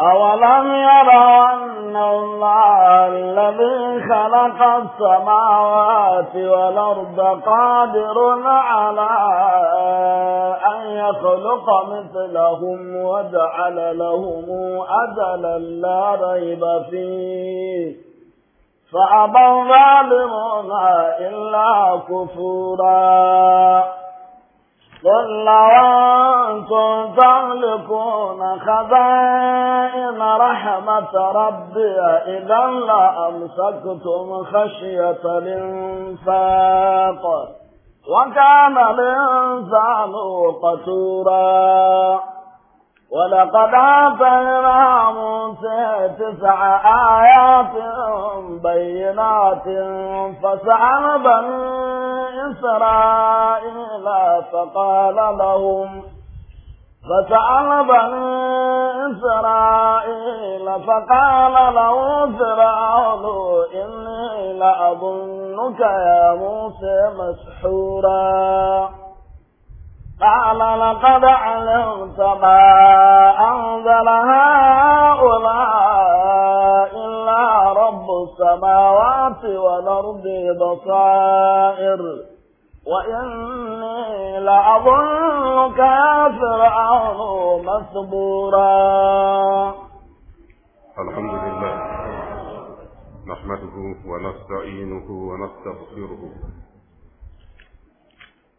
أولم يروا أن الله الذي خلق السماوات والأرض قادر على أن يخلق مثلهم وجعل لهم أجلا لا ريب فيه فأبى الظالمون إلا كفورا قل لو أنتم تملكون خزائن رحمة ربي إذا لأمسكتم خشية الإنفاق وكان الإنسان قتورا ولقد آتينا موسى تسع آيات بينات فسأل بني إسرائيل فقال لهم فسأل بني إسرائيل فقال له فرعون إني لأظنك يا موسى مسحورا قال لقد علمت ما أنزل هؤلاء إلا رب السماوات والأرض بصائر وإني لأظنك يا فرعون مثبورا الحمد لله نحمده ونستعينه ونستغفره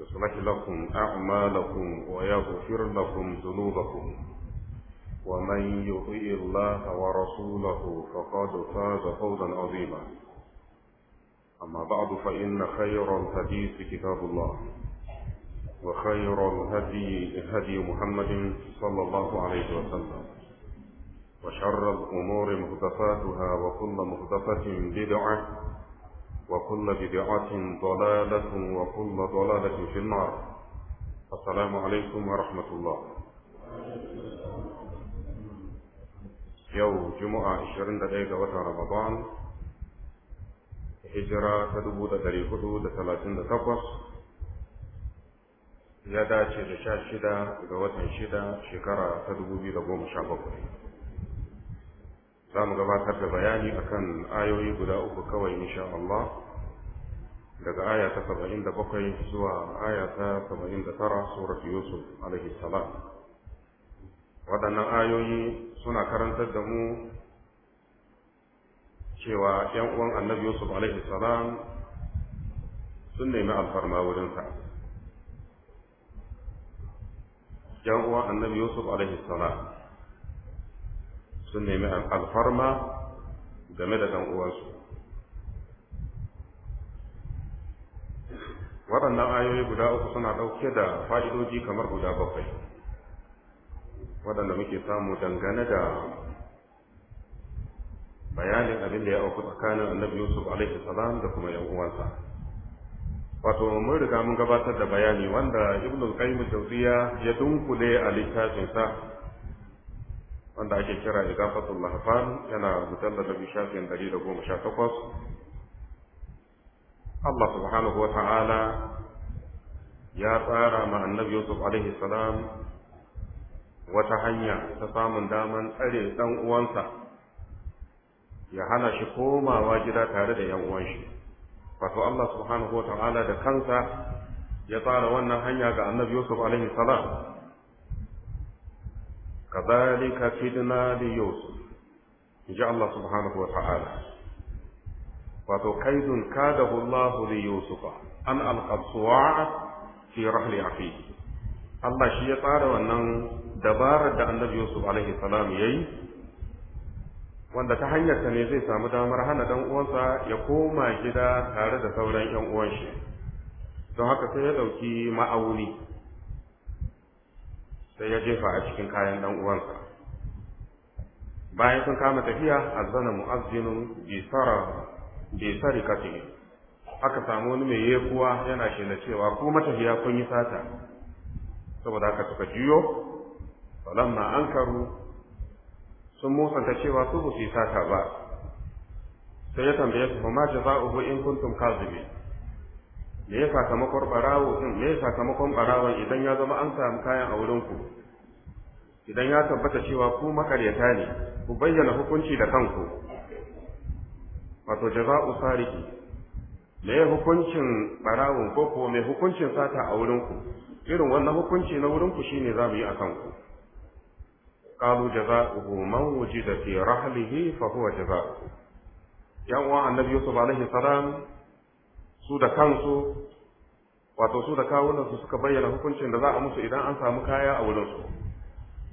يصلح لكم أعمالكم ويغفر لكم ذنوبكم ومن يطيع الله ورسوله فقد فاز فوزا عظيما أما بعد فإن خير الحديث كتاب الله وخير الهدي هدي محمد صلى الله عليه وسلم وشر الأمور مهدفاتها وكل مهدفة بدعة وكل بدعة ضلالة وكل ضلالة في النار السلام عليكم ورحمة الله yau juma'a 21 ga watan ramadan hijira ta takwas. ya dace da shida ga watan shida shekara ta 2017 za mu gabatar da bayani akan ayoyi guda uku kawai insha Allah daga aya ta saba'in da bakwai zuwa aya ta saba'in da tara surat yusuf alaihi salam waɗannan ayoyi suna karantar da mu cewa ‘yan uwan annabi yusuf alaihi salam sun nemi alfarma wurinsa ‘yan uwan annabi yusuf alaihi salam sun nemi alfarma game da ɗan uwansu waɗannan ayoyi guda uku suna ɗauke da fa'idoji kamar guda bakwai waɗanda muke samu dangane da bayanin abin da ya auku tsakanin annabi yusuf alaihi salam da kuma yan uwansa wato mun riga mun gabatar da bayani wanda ibnu qayyim tawziya ya dunkule a littafin sa wanda ake kira idafatul lahfan yana da bi shafin 118 Allah subhanahu wa ta'ala ya tsara ma annabi Yusuf alaihi salam wata hanya ta samun daman tsare dan uwansa ya hana shi komawa gida tare da yan uwanshi. shi wato Allah subhanahu wa ta'ala da kansa ya tsara wannan hanya ga annabi Yusuf alaihi salam kadhalika fidna li Yusuf inji Allah subhanahu wa ta'ala wato kaidun kadahu Allah li Yusufa an al fi rahli afihi Allah shi ya tsara wannan dabarar da Annabi Yusuf alaihi salam yi. wanda ta hanyar ta ne zai samu damar hana dan uwansa ya koma gida tare da sauran ƴan uwan shi don haka sai ya ɗauki ma'auni sai ya jefa a cikin kayan dan uwansa bayan sun kama tafiya azzana mu'azzinun bi sarara sari kafi aka samu wani mai yekuwa yana na cewa ko matafiya kun yi sata saboda haka suka juyo an ankaru sun musanta cewa su ba su yi sata ba sai ya tambaye su ma ubu in kuntum kazibi me ya sakamakon barawo din me ya sakamakon barawon idan ya zama an samu kayan a wurin ku idan ya tabbata cewa ku makaryata ne ku bayyana hukunci da kanku wato jaza'u sarihi me hukuncin barawun ko ko me hukuncin sata a wurin ku irin wannan hukunci na wurin ku shine zamu yi akan ku qalu jaza'uhu man wujida fi rahlihi fa huwa jaza'uhu yan uwa annabi yusuf alaihi salam su da kansu wato su da kawunan su suka bayyana hukuncin da za a musu idan an samu kaya a wurin su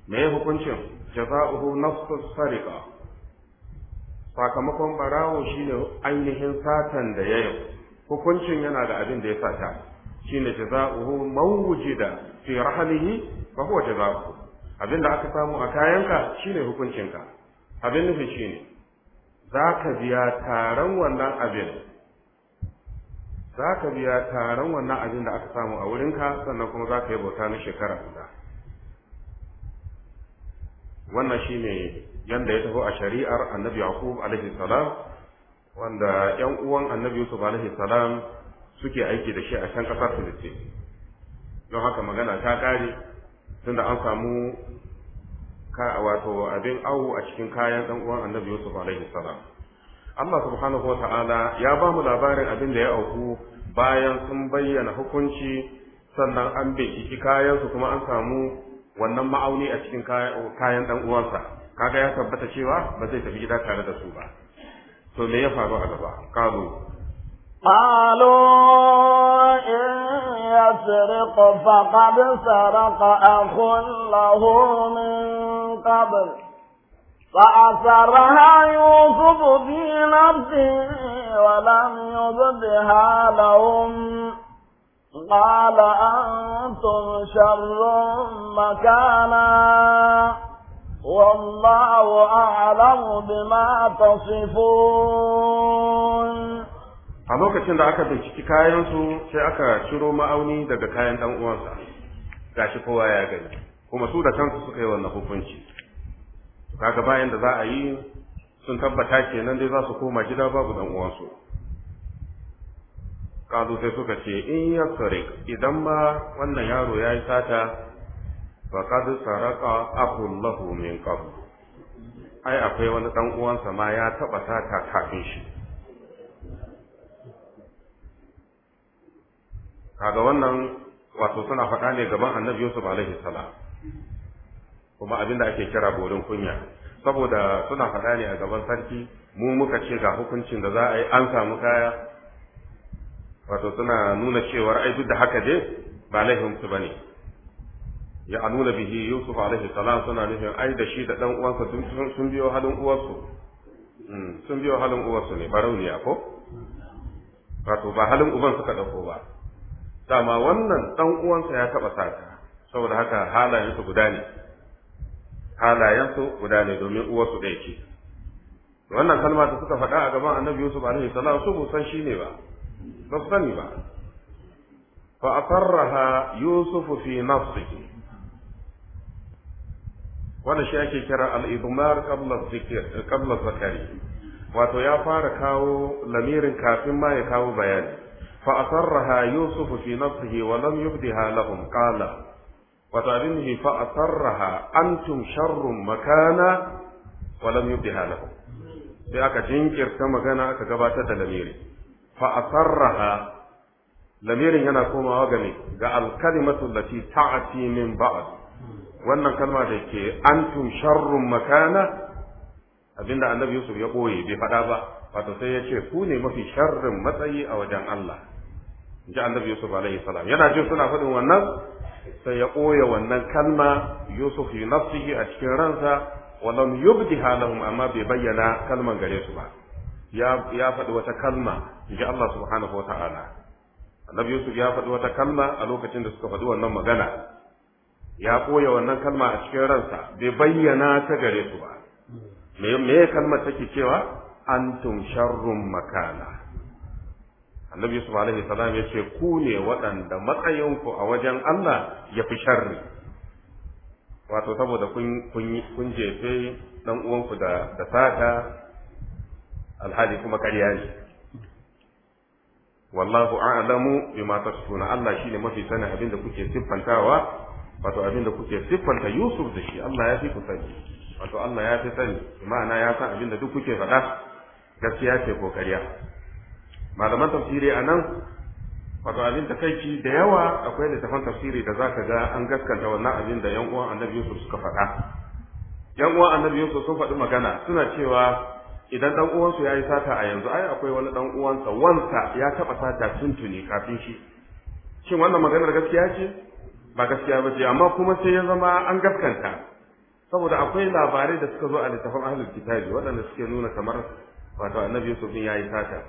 me hukuncin jaza'uhu nafsu sariqa sakamakon barawo shine ainihin satan da ya yau hukuncin yana da abin da ya sata shine jaza'uhu man wujida fi rahlihi fa huwa jaza'uhu abin da aka samu a kayanka shine hukuncinka abin nufi shine za ka biya taron wannan abin za ka biya taron wannan abin da aka samu a wurinka sannan kuma za ka yi bauta na shekara guda wannan shine yanda ya tafi a shari'ar annabi yaqub alaihi salam wanda yan uwan annabi yusuf alaihi salam suke aiki da shi a can kasar filistin don haka magana ta kare tunda an samu wato abin awo a cikin kayan dan uwan annabi yusuf alaihi salam Allah subhanahu wata'ala ya ba mu labarin abin da ya auku bayan sun bayyana hukunci sannan an binciki kayansu kuma an samu wannan ma'auni a cikin kayan ɗan uwansa kaga ya tabbata cewa ba zai tafi gida tare da su ba to me ya faru a gaba qalu قالوا إن يسرق فقد سرق أخ له من قبل فأسرها يوسف في نفسه ولم يبدها لهم قال أنتم شر مكانا والله أعلم بما تصفون a lokacin da aka binciki kayansu sai aka ciro ma'auni daga kayan ɗan uwansa gashi kowa ya gani kuma su da kansu suka yi wannan hukunci kaga bayan da za a yi sun tabbata kenan dai za su koma gida babu ɗan uwansu kazo sai suka ce in ya sare idan ma wannan yaro ya yi sata faqad saraka akun lahu min qabl ai akwai wani dan uwansa ma ya taba sata kafin shi kaga wannan wato suna faɗa ne gaban annabi Yusuf alaihi salam kuma abinda ake kira borin kunya saboda suna faɗa ne a gaban sarki mu muka ce ga hukuncin da za a yi an samu kaya wato suna nuna cewar ai duk da haka dai ba laifin su bane ya anuna bihi yusuf alaihi salam suna nufin ai da shi da dan uwansa sun biyo halin uwarsu hmm, sun biyo halin uwarsu ne barauniya ko wato ba halin uban suka dauko ba dama wannan dan uwansa ya taba sata saboda haka halayen su guda ne halayen su guda ne domin uwarsu ɗaya ce wannan kalma da suka faɗa a gaban annabi yusuf alaihi salam su busan shi ne ba ba su sani ba fa asarraha yusuf fi nafsihi wannan shi ake kira al-idmar zakari wato ya fara kawo lamirin kafin ma ya kawo bayani fa asarraha yusuf fi nafsihi wa lam yubdiha lahum qala wato abin nufi fa an antum sharrun makana wa lam yubdiha lahum sai aka jinkirta magana aka gabatar da lamiri fa asarraha lamirin yana komawa ga ne ga alkalimatu lati ta'ati min ba'd wannan kalma da ke antum sharrun makana abinda annabi Yusuf ya ɓoye bai faɗa ba wato sai ya ce ku ne mafi sharrin matsayi a wajen Allah in ji annabi Yusuf alaihi salam yana jin suna faɗin wannan sai ya ɓoye wannan kalma Yusuf yi nafsihi a cikin ransa walam yubdiha lahum amma bai bayyana kalman gare su ba ya ya faɗi wata kalma in ji Allah subhanahu wa ta'ala annabi Yusuf ya faɗi wata kalma a lokacin da suka faɗi wannan magana ya koya wannan kalma a cikin ransa bai bayyana ta gare su ba me kalmar take cewa antum sharrun makana annabi yusuf alaihi salam ya ce ku ne waɗanda matsayinku a wajen Allah ya fi sharri wato saboda kun jefe ɗan uwanku da sata alhali kuma karya ne wallahu a'lamu bima tasuna Allah shine mafi sanin abin da kuke siffantawa wato abin da kuke siffanta Yusuf da shi Allah ya fi ku sani wato Allah ya fi sani ma'ana ya san abin da duk kuke faɗa gaskiya ce ko malaman tafsiri a nan wato abin takaici da yawa akwai littafan tafsiri da zaka ga an gaskanta wannan abin da yan uwan Annabi Yusuf suka faɗa yan uwan Annabi Yusuf sun faɗi magana suna cewa idan dan uwansu ya yi sata a yanzu ai akwai wani dan uwansa wansa ya taɓa sata tuntuni kafin shi shin wannan maganar gaskiya ce ba gaskiya ba ce amma kuma sai ya zama an gaskanta saboda akwai labarai da suka zo a littafin ahlul kitabi waɗanda suke nuna kamar wato annabi yusuf ya yi satan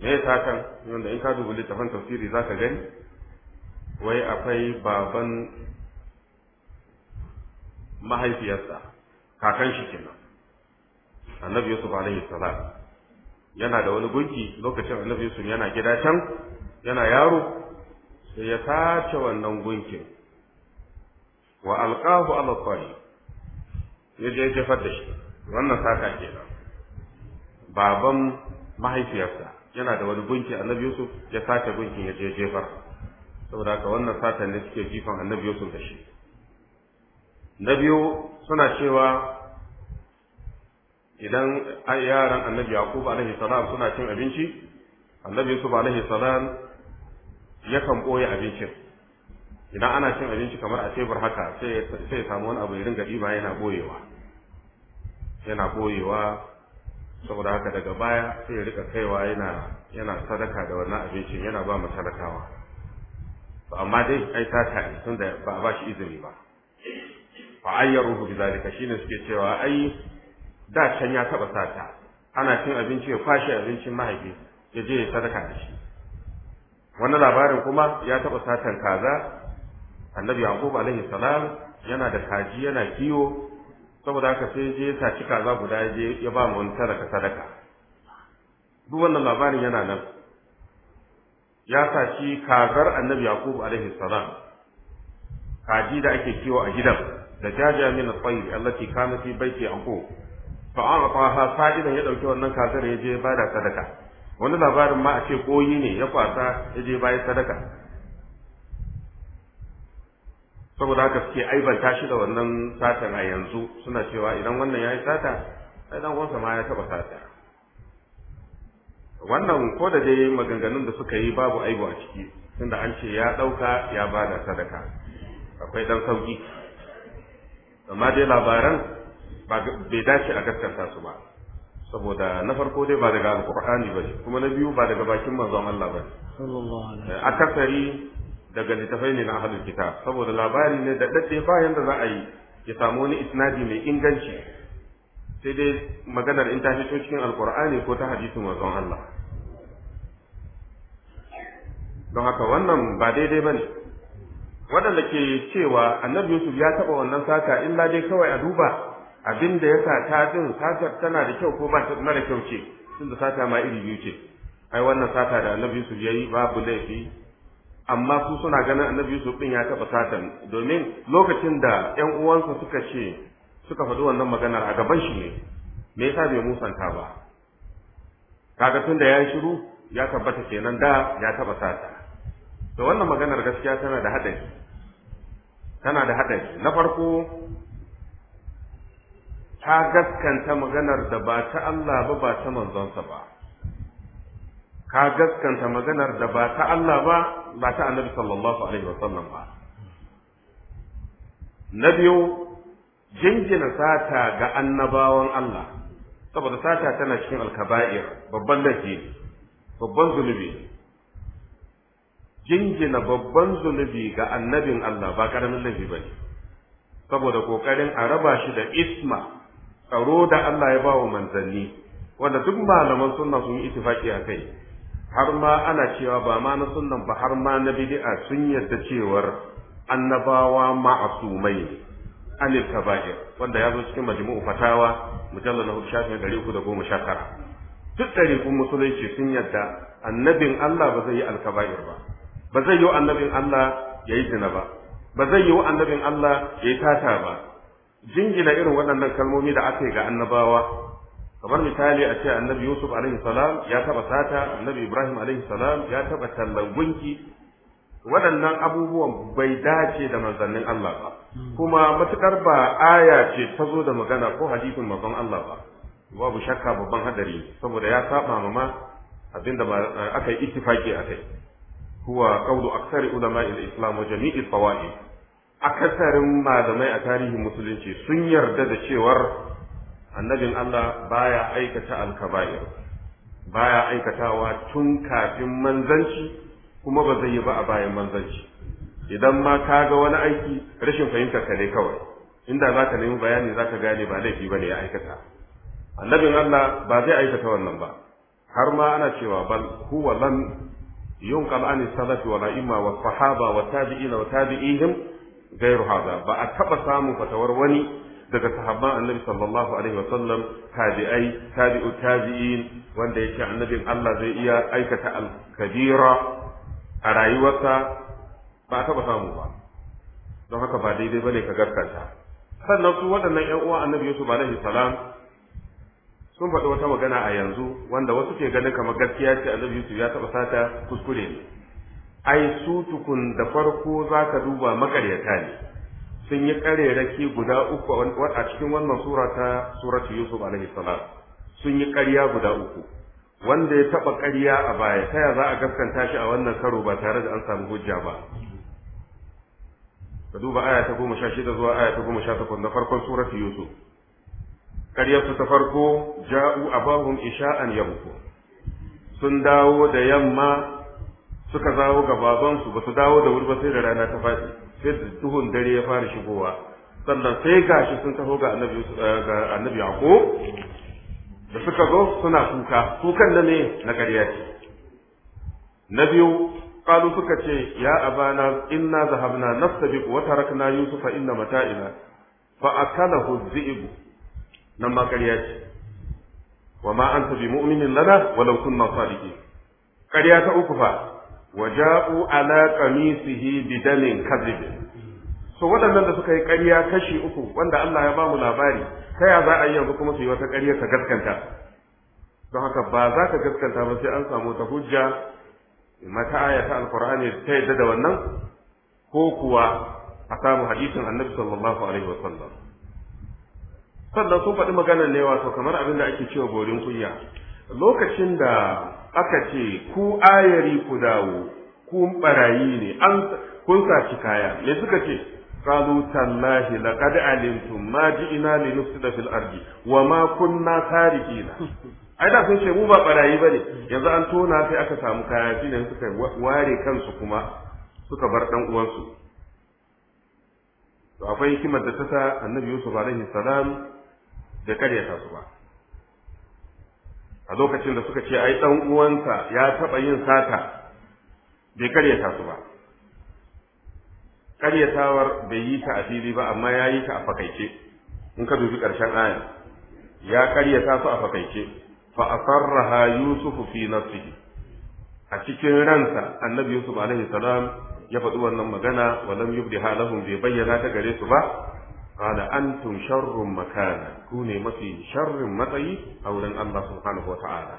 me ya satan wanda in ka dubi littafin tafsiri za ka gani wai akwai baban mahaifiyarsa kakan shi kenan annabi yusuf alaihi salam yana da wani gunki lokacin annabi yusuf yana gida can yana yaro sai ya sace wannan gunkin wa alqahu ala tariq ya je jefar da shi wannan saka nan. baban mahaifiyarsa yana da wani gunki annabi yusuf ya sace gunkin ya je jefar saboda haka wannan satan ne suke jifan annabi yusuf da shi na biyu suna cewa idan yaran annabi yaqub alaihi salam suna cin abinci annabi yusuf alaihi salam yakan ɓoye abincin idan ana cin abinci kamar a tebur haka sai ya samu wani abu ya ringa ba yana ɓoyewa yana ɓoyewa saboda haka daga baya sai ya rika kaiwa yana yana sadaka da wannan abincin yana ba mu talakawa amma dai ai ta tare tun da ba a ba shi izini ba fa ayyaruhu bi zalika shine suke cewa ai da can ya taba sata ana cin abinci ya kwashe abincin mahaifi ya je ya sadaka da shi wani labarin kuma ya taɓa satan kaza annabi yaqub alaihi salam yana da kaji yana kiwo saboda haka sai je ya saci kaza guda je ya ba mu sadaka duk wannan labarin yana nan ya saci kazar annabi yaqub alaihi salam kaji da ake kiwo a gidan da jaja min al tayr allati kana fi baiti yaqub fa ha sa'idan ya dauki wannan kazar ya je bada sadaka wani labarin ma a ce koyi ne ya kwasa ya je bayan sadaka saboda haka suke aibanta shi da wannan satan a yanzu suna cewa idan wannan ya yi sata ai dan wansa ma ya taba sata wannan ko da dai maganganun da suka yi babu aibu a ciki tunda an ce ya ɗauka ya ba da sadaka akwai dan sauki amma dai labaran bai dace a gaskata su ba saboda na farko dai ba daga alkur'ani ba ne kuma na biyu ba daga bakin manzon Allah ba ne akasari daga littafai ne na ahlul kitab saboda labari ne da dadde bayan da za a yi ya samu wani isnadi mai inganci sai dai maganar in ta fito cikin alkur'ani ko ta hadisin manzon Allah don haka wannan ba daidai ba ne waɗanda ke cewa annabi yusuf ya taɓa wannan sata illa dai kawai a duba abin da ya sata din satar tana da kyau ko ba ta mara kyau ce tunda sata ma iri biyu ce ai wannan sata da annabi Yusuf yayi babu laifi amma su suna ganin annabi Yusuf din ya taba satan domin lokacin da ƴan uwansa suka ce suka faɗi wannan maganar a gaban shi ne me yasa bai musanta ba kaga tunda ya shiru ya tabbata kenan da ya taba sata to wannan maganar gaskiya tana da haɗari tana da haɗari na farko ta gaskanta maganar da ba ta Allah ba ba ta manzonsa ba ka gaskanta maganar da ba ta Allah ba ba ta annabi sallallahu alaihi sallam ba na biyu jingina sata ga annabawan Allah saboda sata tana cikin alkaba'ir babban laifi babban zunubi jingina babban zunubi ga annabin Allah ba karamin laifi ba ne saboda kokarin a raba shi da isma tsaro da Allah ya ba wa manzanni wanda duk malaman sunna sun yi itifaki a kai har ma ana cewa ba ma na sunnan ba har ma na bid'a sun yarda cewar annabawa ma'asumai alif kaba'ir wanda ya zo cikin majmu'u fatawa mujallal na shafin 319 duk kun musulunci sun yarda annabin Allah ba zai yi alkaba'ir ba ba zai yi annabin Allah ya yi zina ba ba zai yi annabin Allah ya yi tata ba jingina irin waɗannan kalmomi da aka yi ga annabawa kamar misali a ce annabi yusuf alaihi salam ya taba sata annabi ibrahim alaihi salam ya taba tallan gunki waɗannan abubuwan bai dace da manzannin Allah ba kuma matukar ba aya ce ta zo da magana ko hadisin mazan Allah ba babu shakka babban hadari saboda ya saba ma ma abinda aka yi ittifaki a kai huwa qawlu aksari ulama'i al-islam wa jami'i al akasarin malamai a tarihin musulunci sun yarda da cewar annabin Allah baya aikata alkaba'ir baya aikatawa tun kafin manzanci kuma ba zai yi ba a bayan manzanci idan ma ka ga wani aiki rashin fahimtar ka ne kawai inda za nemi bayani zaka gane ba laifi ba ne ya aikata annabin Allah ba zai aikata wannan ba har ma ana cewa bal huwa lam yunqal an salafi wala imma wa sahaba wa tabi'ina wa tabi'ihim gairu haza ba a taba samun fatawar wani daga sahabban annabi sallallahu alaihi wasallam tabi'ai tabi'u tabi'in wanda yake annabin Allah zai iya aikata al-kabira a rayuwarsa ba a taba samu ba don haka ba daidai bane ka gaskata sannan su waɗannan ƴan uwa annabi Yusuf alaihi salam sun faɗi wata magana a yanzu wanda wasu ke ganin kamar gaskiya ce annabi Yusuf ya taba sata kuskure ne ai su tukun da farko zaka duba makaryata ne sun yi karerake guda uku a cikin wannan sura ta suratu yusuf alaihi salam sun yi ƙarya guda uku wanda ya taɓa ƙarya a baya ta ya za a gaskanta shi a wannan karo ba tare da an samu hujja ba ka duba aya ta goma sha shida zuwa aya ta goma sha takwas na farkon suratu yusuf ƙaryarsu ta farko ja'u abahum isha'an yabku sun dawo da yamma suka zawo ga babansu ba su dawo da wuri ba sai da rana ta faɗi sai da duhun dare ya fara shigowa sannan sai gashi sun taho ga annabi eh, ga da suka zo suna kuka kukan na ne na ƙarya ce na biyu suka ce ya abana inna zahabna nastabiq wa tarakna yusufa inna mata'ina fa akalahu dhi'ib nan ma ƙarya ce wa ma anta bi mu'minin lana walau kunna sadiqin ƙarya ta uku fa waja'u ala qamisihi bidamin kadhib so waɗannan da suka yi ƙarya kashi uku wanda Allah ya ba mu labari ta ya za a yi yanzu kuma su yi wata ƙarya ka gaskanta don haka ba za ka gaskanta ba sai an samu ta hujja mata aya ta alqur'ani ta yadda da wannan ko kuwa a samu hadisin annabi sallallahu alaihi wasallam sannan sun faɗi maganar ne wato kamar abin da ake cewa borin kunya lokacin da aka ce ku ayari ku dawo ku barayi ne an kun saci kaya me suka ce qalu tallahi laqad alimtum ma ji'na linufsida fil ardi wa ma kunna sariqina ai da sun ce mu ba barayi bane yanzu an tona sai aka samu kaya ne suka ware kansu kuma suka bar dan uwansu to akwai hikimar da ta sa annabi Yusuf alaihi salam da kare ta su ba a lokacin da suka ce ai dan uwansa ya taba yin sata bai karyata su ba karyatawar bai yi ta a ba amma ya yi ta a fakaice in ka dubi karshen aya ya karyata su a fakaice fa asarraha yusuf fi nafsihi a cikin ransa annabi yusuf alaihi salam ya faɗi wannan magana wa walam yubdiha lahum bai bayyana ta gare su ba قال أنتم شر مكانا كوني مفي شر مطي أولا الله سبحانه وتعالى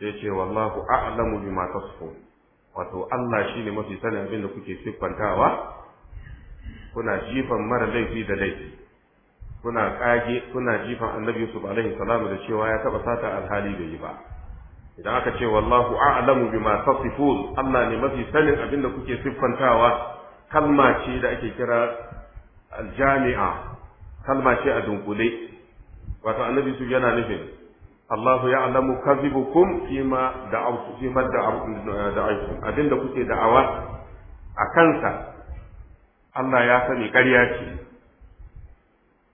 يقول والله أعلم بما تصفون wato Allah shi ne mafi sanin abin da kuke siffantawa kuna jifan mara laifi da laifi kuna kage kuna jifan annabi Yusuf alaihi salamu da cewa ya taba sata alhali bai yi ba idan aka ce wallahu a'lamu bima tasifun Allah ne mafi sanin abin da kuke siffantawa kalma ce da ake kira aljami'a kalma ce a dunkule wato annabi su yana nufin Allahu ya'lamu kadhibukum fima da'awtu fima da'awtu abinda kuke da'awa a kansa Allah ya sani ƙarya ce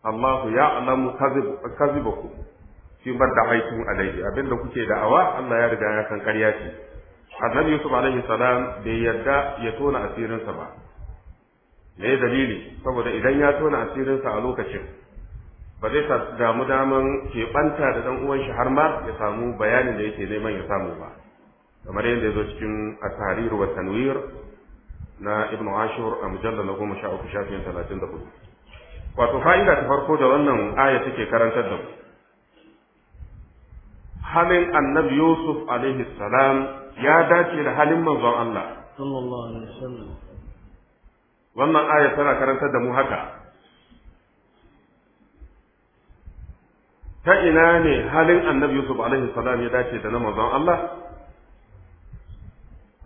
Allahu ya'lamu kadhibukum fima da'awtu alayhi abinda kuke da'awa Allah ya riga ya san ƙarya ce Annabi Yusuf alaihi salam bai yarda ya tona asirinsa ba ne dalili saboda idan ya tona asirinsa a lokacin ba zai damu daman keɓanta da ɗan uwan shi har ma ya samu bayanin da yake neman ya samu ba kamar yadda ya zo cikin at-tahrir wa tanwir na ibnu ashur a mujallar na goma sha uku shafin talatin da hudu wato fa'ida ta farko da wannan aya take karantar da mu halin annabi yusuf alaihi salam ya dace da halin manzon allah sallallahu alaihi wasallam wannan aya tana karantar da mu haka ta ina ne halin annabi yusuf alaihi salam ya dace da na manzon Allah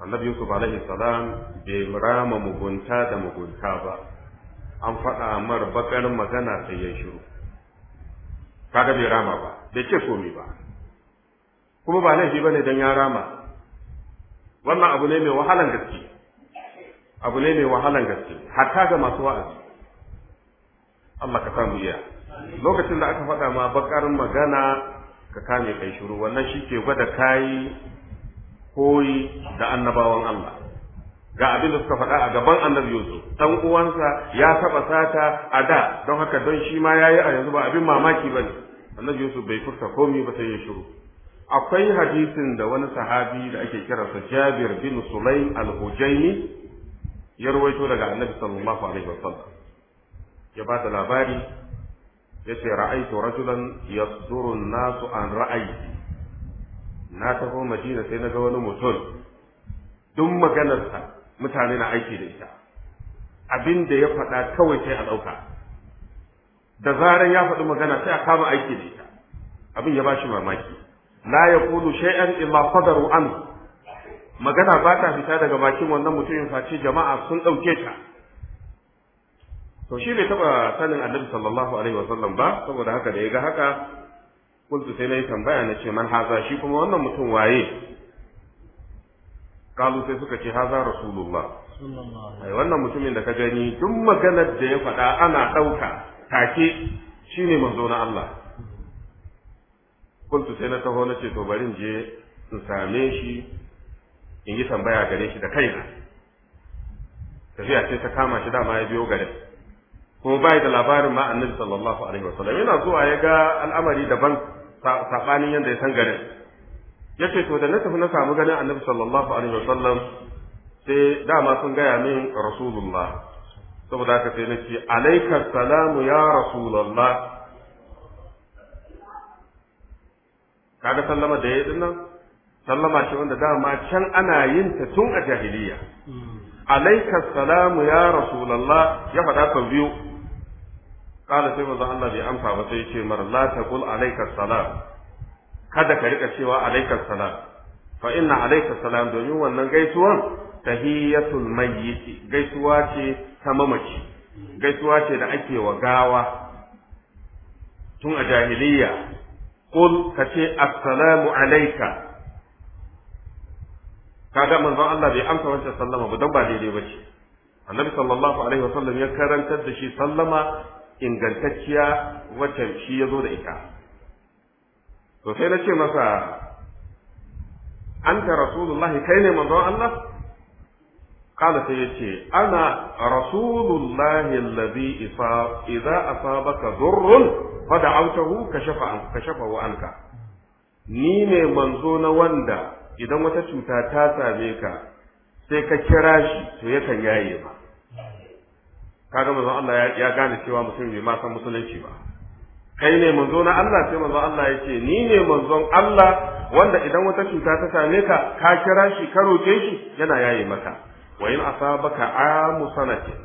annabi yusuf alaihi salam bai rama mugunta da mugunta ba an faɗa mar bakar magana sai ya shiru kaga bai rama ba bai ce komai ba kuma ba laifi bane dan ya rama wannan abu ne mai wahalan gaske abu ne mai wahalan gaske hatta ga masu wa'azi Allah ka samu iya lokacin da aka faɗa ma bakar magana ka kame kai shiru wannan shi ke gwada kayi koyi da annabawan Allah ga abin da suka faɗa a gaban annabi Yusuf ɗan uwansa ya taɓa sata a da don haka don shi ma ya yi a yanzu ba abin mamaki ba ne. annabi Yusuf bai furta komi ba sai ya shiru akwai hadisin da wani sahabi da ake kiransa Jabir bin Sulaim al-Hujaini ya ruwaito daga annabi sallallahu alaihi wasallam ya ba da labari ya ce ra'aitu rajulan yasduru nasu an ra'ayi na taho madina sai na ga wani mutum duk maganarsa mutane na aiki da ita abin da ya faɗa kawai sai a ɗauka da zaran ya faɗi magana sai a kama aiki da ita abin ya ba shi mamaki la yaqulu shay'an illa qadaru anhu magana ba ta fita daga bakin wannan mutumin face jama'a sun ɗauke ta to shi bai taɓa sanin annabi sallallahu alaihi wa sallam ba saboda haka da ya ga haka kuntu sai na yi tambaya na ce man haza shi kuma wannan mutum waye kalu sai suka ce haza rasulullah ai wannan mutumin da ka gani duk maganar da ya faɗa ana ɗauka take shine manzo na Allah kuntu sai na taho na ce to bari in je in same shi in yi tambaya gare shi da kaina tafiya ce ta kama shi dama ya biyo gare kuma bai da labarin ma annabi sallallahu alaihi wa sallam. yana zuwa ya ga al'amari daban sabanin yadda ya san garin yace to da na tafi na samu ganin annabi sallallahu alaihi wa sallam. sai dama sun gaya min rasulullah saboda haka sai nace alayka salamu ya rasulullah kaga sallama da yayi nan? sallama ce wanda dama can ana yin ta tun a jahiliya alaika salamu ya rasulullah ya faɗa sau biyu kala sai manzon Allah bai amsa ba sai ce mar la kul alaika salam kada ka rika cewa alaika salam fa inna alaika salam domin wannan gaisuwan tahiyatul mayyit gaisuwa ce ta mamaci gaisuwa ce da ake wa gawa tun a jahiliya Kul ka ce assalamu alaika kaga manzon Allah bai amsa wancan sallama ba don ba daidai ba ce annabi sallallahu alaihi wasallam ya karantar da shi sallama ingantacciya wacce shi ya zo da ita to sai na ce masa anta rasulullahi kai ne manzon Allah قال سيتي أنا رسول الله الذي إذا أصابك ضر فدعوته كشف عنك Ni ne نيني na wanda. idan wata cuta ta same ka sai ka kira shi to yakan yaye ba kaga manzon Allah ya gane cewa mutum bai ma san musulunci ba kai ne manzo na Allah sai manzon Allah ya ce ni ne manzon Allah wanda idan wata cuta ta same ka ka kira shi ka roke shi yana yaye maka wa in asabaka amu sanati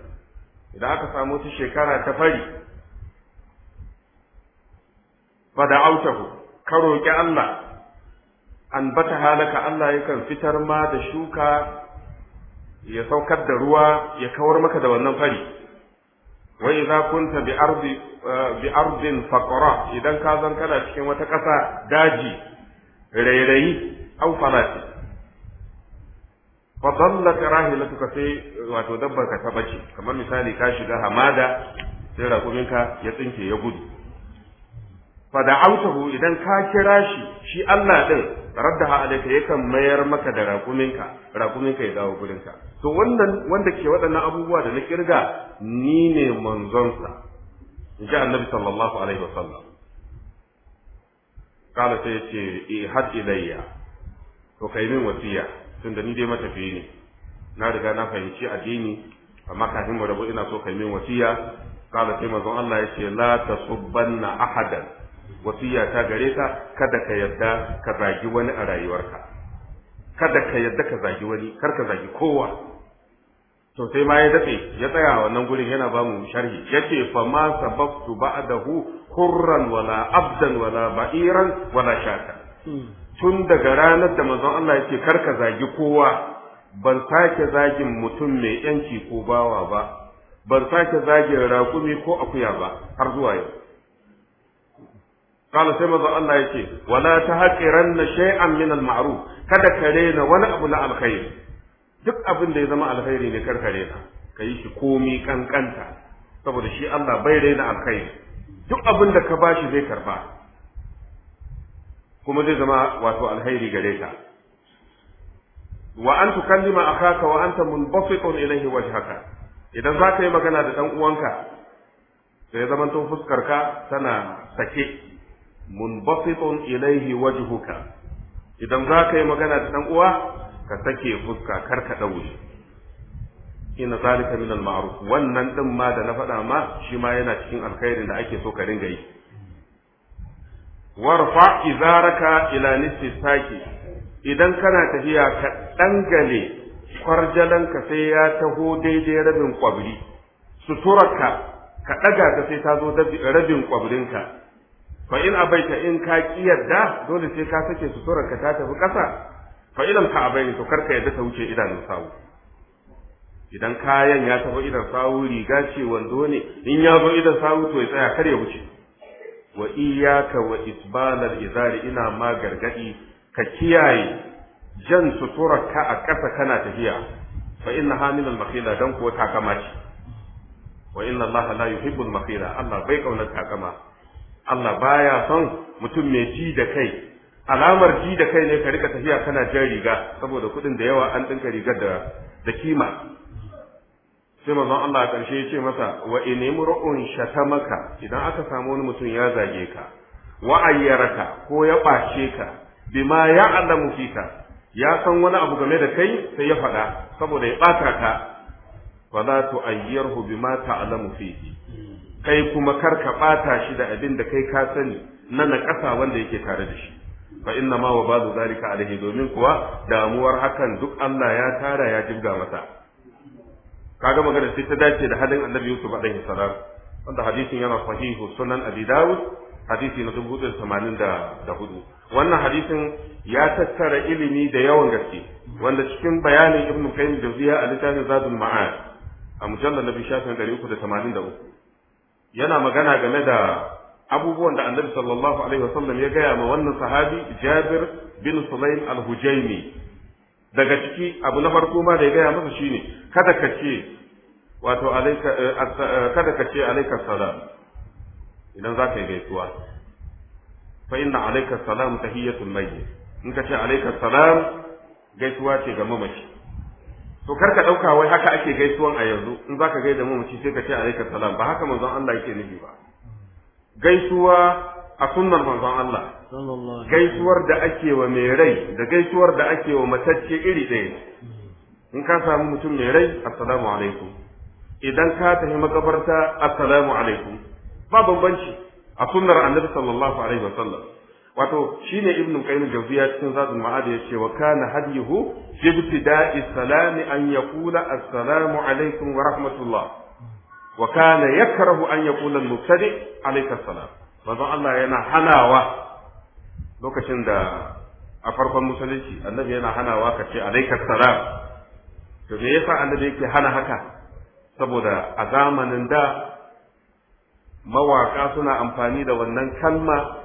idan aka samu wata shekara ta fari fa da'autahu ka roki Allah an bata halaka Allah yakan fitar ma da shuka ya saukar da ruwa ya kawar maka da wannan fari Wai za kunta bi eh, bi ardin faqara idan ka zan kana cikin wata ƙasa daji rairayi aw falati fa dallat rahilatuka sai wato dabbar ka ta bace kamar misali ka shiga hamada sai rakuminka ya tsinke ya gudu fa da'awtahu idan ka kira shi shi Allah din raddaha alayka yakan mayar maka da rakuminka rakuminka ya dawo gurinka to wannan wanda ke waɗannan abubuwa da na kirga ni ne manzon sa inji annabi sallallahu alaihi wa sallam kala sai yace i eh, had ilayya to kai min wasiya tunda ni dai matafiyi ne na riga na fahimci addini amma kafin mu rabu ina so kai min wasiya kala sai manzon Allah yace la tasubbanna ahadan wasiya ta gare ka kada ka yarda ka zagi wani a rayuwarka kada ka yarda ka zagi wani kar ka zagi kowa to sai ma ya datse ya tsaya a wannan gurin yana ba mu sharhi yace fa ma sababtu ba'dahu hurran wala abdan wala ba'iran wala shaka hmm. tun daga ranar da manzon Allah yake kar ka zagi kowa ban sake zagin mutum mai yanci ko bawa ba ban sake zagin raƙumi ko akuya ba har zuwa yau قال سيما ذا الله يتي ولا تهكرن شيئا من المعروف kada ka rena wani abu na duk abin da ya zama alkhairi ne karkare ka ka yi shi komi kankanta saboda shi Allah bai rena alkhairi duk abin da ka bashi zai karba kuma zai zama wato alkhairi gare ka wa an tukallima akaka wa anta munbasitun ilayhi wajhaka idan za ka yi magana da dan uwanka sai zaman to fuskar ka tana sake munbasitun ilaihi wajhuka idan za ka yi magana da dan uwa ka sake fuska kar ka ɗaure. ina zalika min al-ma'ruf wannan din ma da na faɗa ma shi ma yana cikin alkhairin da ake so ka ringa yi warfa izaraka ila nisfi saki idan kana tafiya ka dangale ka sai ya taho daidai rabin kwabri suturarka ka ɗaga ka sai ta zo rabin kwabrinka fa in abaita in ka kiyarda dole sai ka sake suturar ka ta tafi ƙasa fa idan ka abaini to karka yadda ta wuce idanun sawu idan kayan ya tafi idan sawu riga ce wando ne in ya zo idan sawu to ya tsaya kar ya wuce wa iyyaka wa isbalal izari ina ma gargadi ka kiyaye jan suturar ka a ƙasa kana tafiya fa inna hamilal makhila dan ko takama ce wa inna allaha la yuhibbul makhila allah bai kaunar takama Allah baya son mutum mai ji da kai alamar ji da kai ne ka rika tafiya kana jan riga saboda kuɗin da yawa an ɗinka rigar da da kima sai manzon Allah a ƙarshe ya ce masa wa in shatamaka idan aka samu wani mutum ya zage ka wa ayyaraka ko ya ɓace ka bima alamu fika ya san wani abu game da kai sai ya faɗa saboda ya ɓata ka fa za tu ayyarhu bima ta'lamu fihi kai kuma kar ka ɓata shi da abin da kai ka sani na naƙasa wanda yake tare da shi fa inna ma wa bazu zalika alaihi domin kuwa damuwar hakan duk Allah ya tara ya jibga masa kaga magana sai ta dace da halin Annabi Yusuf alaihi salam wanda hadisin yana sahihu sunan Abi Dawud hadisi na 1084 wannan hadisin ya tattara ilimi da yawan gaske wanda cikin bayanin Ibn Qayyim Jawziya a littafin Zadul Ma'ad a mujallal shafin 383 yana magana game da abubuwan da annabi sallallahu alaihi wasallam ya gaya ma wannan sahabi jabir bin sulaim al-hujaimi daga ciki abu na farko ma da ya gaya masa shine kada ka ce wato eh, eh, kada ka ce alaika salam idan za ka yi gaisuwa fa inna alaika salam tahiyatul mayyit in ka ce alaika salam gaisuwa ce ga mamaci to karka ka ɗauka wai haka ake gaisuwan a yanzu in za ka mu mutum sai ka ce alayka salam ba haka manzon Allah yake nufi ba gaisuwa a sunnar manzon Allah gaisuwar da ake wa mai rai da gaisuwar da ake wa matacce iri ɗaya in ka samu mutum mai rai assalamu alaikum idan ka tafi makabarta assalamu alaikum ba bambanci a sunnar annabi sallallahu alaihi wasallam wato shine ibnu qayyim jawziya cikin zadul ma'ad yace wa kana hadiyuhu fi ibtida'i salami an yaqula assalamu alaikum wa rahmatullah wa kana yakrahu an yaqula al-mubtadi alayka salam Allah yana hanawa lokacin da a farkon musulunci annabi yana hanawa ka ce alayka salam to me yasa annabi yake hana haka saboda a zamanin da mawaka suna amfani da wannan kalma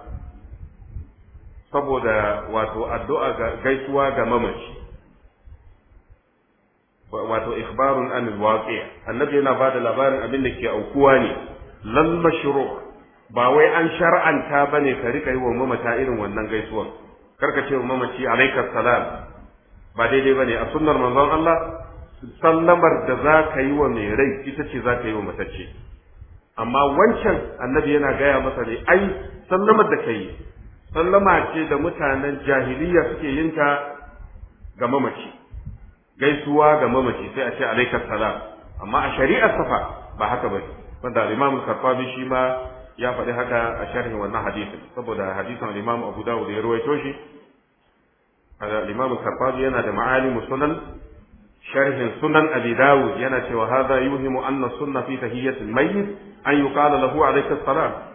saboda wato addu'a ga gaisuwa ga mamaci wato ikhbarun an alwaqi annabi yana ba da labarin abin da ke aukuwa ne lal mashru ba wai an shar'anta bane ka rika yi wa mamata irin wannan gaisuwan karka ce wa mamaci alaikas salam ba daidai bane a sunnar manzon Allah sallamar da za ka yi wa mai rai ita ce za ka yi wa matacce amma wancan annabi yana gaya masa ne ai sallamar da ka yi sallama ce da mutanen jahiliya suke yin ta ga mamaci gaisuwa ga mamaci sai a ce alaikar salam amma a shari'ar safa ba haka ba wanda al-imam karfabi shi ma ya faɗi haka a sharhin wannan hadisin saboda hadisin al-imam abu dawud ya rawaito shi al-imam karfabi yana da ma'alimu sunan sharhin sunan abi dawud yana cewa hadha yuhimu anna sunna fi tahiyatil mayyit an yuqala lahu alayka salam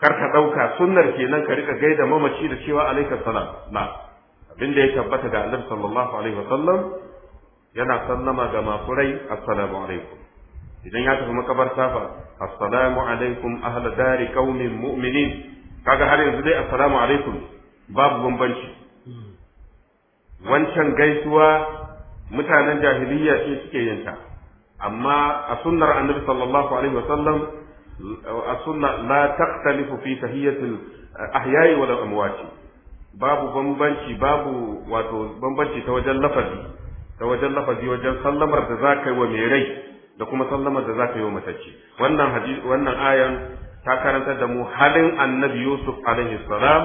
kar ka ɗauka sunnar kenan ka rika gaida mamaci da cewa alaika salam la abin da ya tabbata ga annabi sallallahu alaihi wa sallam yana sallama ga masu rai assalamu alaikum idan ya tafi makabar fa assalamu alaikum ahla dari qaumin mu'minin kaga har yanzu dai assalamu alaikum babu bambanci wancan gaisuwa mutanen jahiliya ce suke yin ta amma a sunnar annabi sallallahu alaihi wa sallam. as-sunna la taqtalifu fi tahiyatil ahya'i wal amwati babu bambanci babu wato bambanci ta wajen lafazi ta wajen lafazi wajen sallamar da za ka yi wa mai rai da kuma sallamar da za ka yi wa matacce wannan hadisi wannan ayan ta karanta da mu halin annabi Yusuf alaihi salam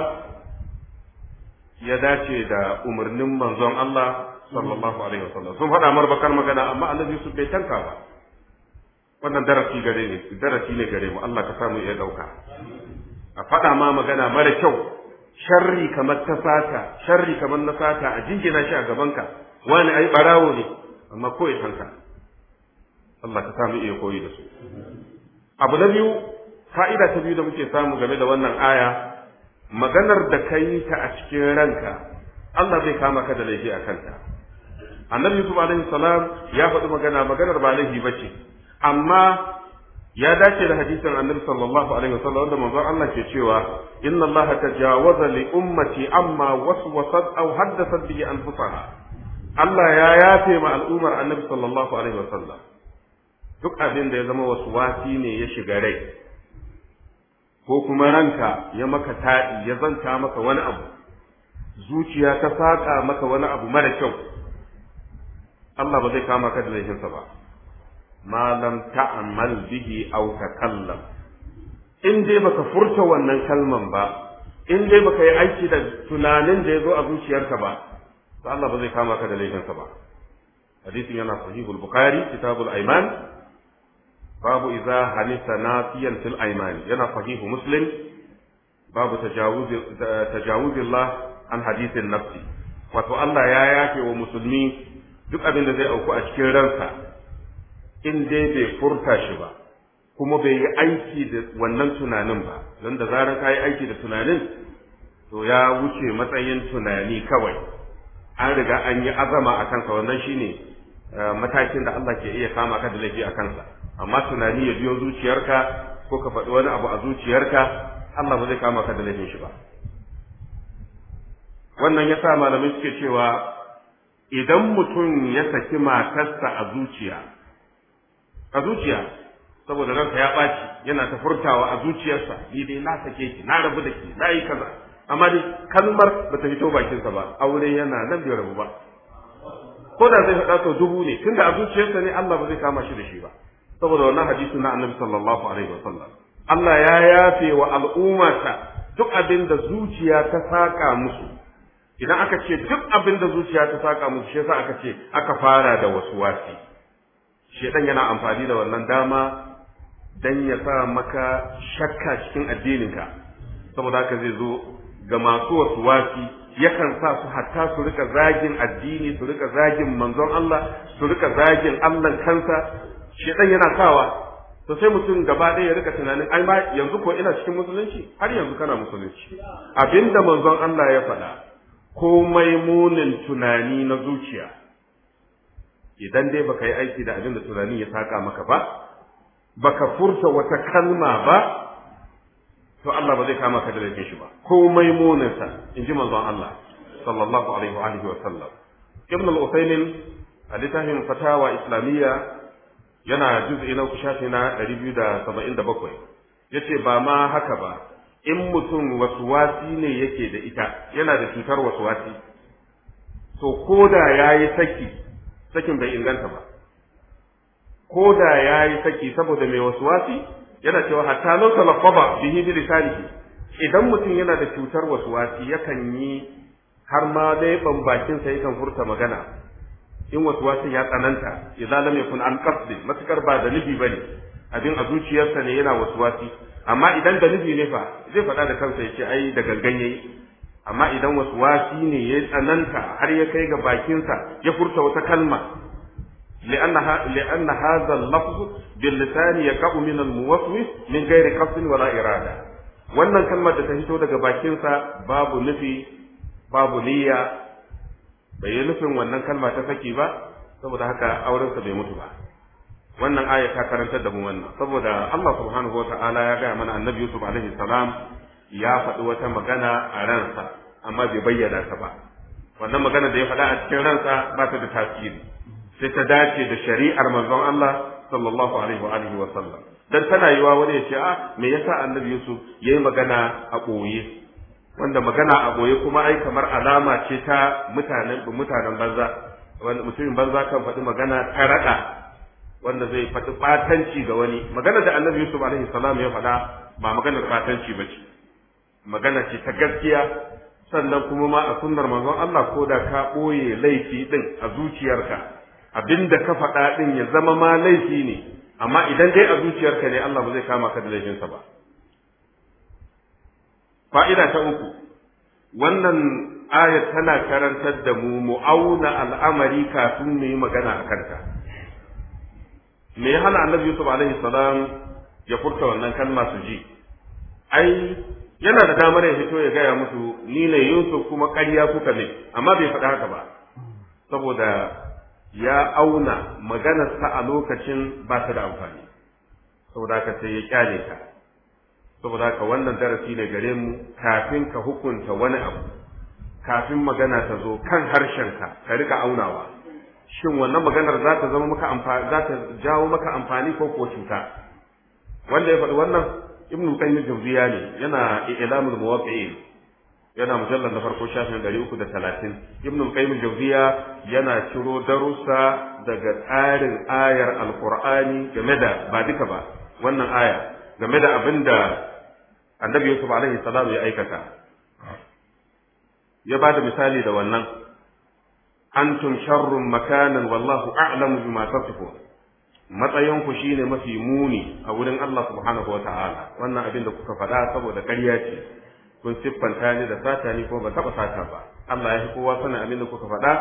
ya dace da umarnin manzon Allah sallallahu alaihi wasallam sun faɗa mar bakar magana amma annabi Yusuf bai tanka ba wannan darasi gare ne darasi ne gare mu Allah ka samu iya dauka a faɗa ma magana mara kyau sharri kamar ta sata sharri kamar na sata a jingina shi a gabanka wani ai barawo ne amma ko ya tanka Allah ka samu iya koyi da su abu na biyu fa'ida ta biyu da muke samu game da wannan aya maganar da ka yi ta a cikin ranka Allah zai kama ka da laifi a kanta annabi yusuf alaihi salam ya faɗi magana maganar ba laifi bace amma ya dace da hadisin annabi sallallahu alaihi wasallam wanda manzon Allah ke cewa inna Allah tajawaza li ummati amma waswasat aw haddathat bihi anfusaha Allah ya yafe ma al'ummar annabi sallallahu alaihi wasallam duk abin da ya zama waswasi ne ya shiga rai ko kuma ranka ya maka taɗi ya zanta maka wani abu zuciya ta saƙa maka wani abu mara kyau Allah ba zai kama ka da laifinsa ba ma lam ta'mal bihi aw takallam in dai baka furta wannan kalman ba in dai baka yi aiki da tunanin da ya zo a zuciyarka ba to Allah ba zai kama ka da laifinsa ba hadisin yana sahihul bukhari kitabul Ayman, babu idza hanisa nafiyan fil aiman yana sahihu muslim babu tajawuz tajawuzillah an hadisin nafsi wato Allah ya yake wa musulmi duk abin da zai auku a cikin ransa in dai bai furta shi ba kuma bai yi aiki da wannan tunanin ba don da zarar ka yi aiki da tunanin to ya wuce matsayin tunani kawai an riga an yi azama a kansa wannan shi ne eh, matakin da Allah ke iya kama ka da laifi a kansa amma tunani ya biyo zuciyarka ko ka faɗi wani abu a zuciyarka Allah ba zai kama ka da laifin shi ba wannan ya sa malamai suke cewa idan mutum ya saki matarsa a zuciya a zuciya saboda ranka ya ɓaci yana ta furtawa a zuciyarsa ni dai na sake ki na rabu da ki na yi kaza amma dai kalmar ba ta fito bakinsa ba aure yana nan bai rabu ba ko da zai faɗa to dubu ne tunda a zuciyarsa ne Allah ba zai kama shi da shi ba saboda wannan hadisi na annabi sallallahu alaihi wa sallam. Allah ya yafe wa al'ummata duk abin da zuciya ta saka musu idan aka ce duk abin da zuciya ta saka musu shi yasa aka ce aka fara da wasu wasi shedan yana amfani da wannan dama dan ya sa maka shakka cikin addininka saboda haka zai zo ga masu wasu wasi yakan sa su hatta su rika zagin addini su rika zagin manzon Allah su rika zagin Allah kansa shedan yana sawa to sai mutum gaba ɗaya ya rika tunanin ai ma yanzu ko ina cikin musulunci har yanzu kana musulunci abinda manzon Allah ya faɗa komai munin tunani na zuciya idan dai baka yi aiki da abin da tunanin ya saka maka ba baka furta wata kalma ba to Allah ba zai kama ka da laifin shi ba komai monansa in ji manzon Allah sallallahu alaihi wa alihi wa sallam ibn al-usaymin a littafin fatawa islamiyya yana juz'i na shafi na 277 yace ba ma haka ba in mutum wasuwasi ne yake da ita yana da cutar wasuwasi to koda yayi saki sakin bai inganta ba ko da ya yi saki saboda mai wasu wasi yana cewa hatta lau talaffaba bihi bi lisanihi idan mutum yana da cutar wasu wasi yakan yi har ma dai bakin sa yakan furta magana in wasu wasi ya tsananta idan lam yakun an qasdi matukar ba da nufi bane abin a zuciyarsa ne yana wasu wasi amma idan da nufi ne fa zai faɗa da kansa ya yace ai da gangan yayi amma idan wasu wasi ne ya tsananta har ya kai ga bakinsa ya furta wata kalma لأن هذا اللفظ باللسان يقع من الموسوس من غير قصد ولا إرادة wannan kalmar da ta fito daga bakinsa babu nufi babu liya. bai yi nufin wannan kalma ta saki ba saboda haka aurensa bai mutu ba wannan aya karanta da mu wannan saboda Allah subhanahu wa ta'ala ya gaya mana annabi Yusuf alaihi salam ya faɗi wata magana a ransa amma bai bayyana ta ba wannan magana da ya faɗa a cikin ransa ba ta da tasiri sai ta dace da shari'ar manzon Allah sallallahu alaihi wa alihi wa sallam dan tana yiwa wani ya ce a ah, me yasa annabi Yusuf yayi magana a boye wanda magana a boye kuma ai kamar alama ce ta mutanen mutanen banza wanda mutumin banza kan faɗi magana ta raɗa wanda zai faɗi ɓatanci ga wani magana da annabi yusuf alaihi salam ya faɗa ba maganar batanci ba ce magana ce ta gaskiya sannan kuma ma a sunnar manzon Allah ko da ka ɓoye laifi ɗin a zuciyarka abinda ka faɗa ɗin ya zama ma laifi ne amma idan dai a zuciyarka ne Allah ba zai kama ka da laifinsa ba fa'ida ta uku wannan ayar tana karantar da mu mu'auna al'amari kafin mu yi magana a kanta me ya hana annabi yusuf alaihi salam ya furta wannan kalma su ji ai yana da damar ya fito ya gaya musu ni ne Yusuf kuma ƙarya kuka ne amma bai faɗa haka ba saboda ya auna maganarsa a lokacin ba ta da amfani saboda haka sai ya kyale ka saboda haka wannan darasi ne gare mu kafin ka hukunta wani abu kafin magana ta zo kan harshenka ka rika aunawa shin wannan maganar za ta zama maka amfani za ta jawo maka amfani ko ko cuta wanda ya faɗi wannan ibn qayyim jawziya ne yana i'lamul muwaqqi'in yana mujallar na farko shafin 330 ibn qayyim al-jawziya yana ciro darussa daga tsarin ayar alqur'ani game da ba duka ba wannan aya game da abinda annabi yusuf alaihi salam ya aikata ya da misali da wannan antum sharrun makanan wallahu a'lamu bima tasifun matsayinku shine mafi muni a wurin Allah subhanahu wa ta'ala wannan abin da kuka faɗa saboda ƙarya ce kun siffanta ni da sata ni ko ba taɓa sata ba Allah ya fi kowa sanin abin da kuka faɗa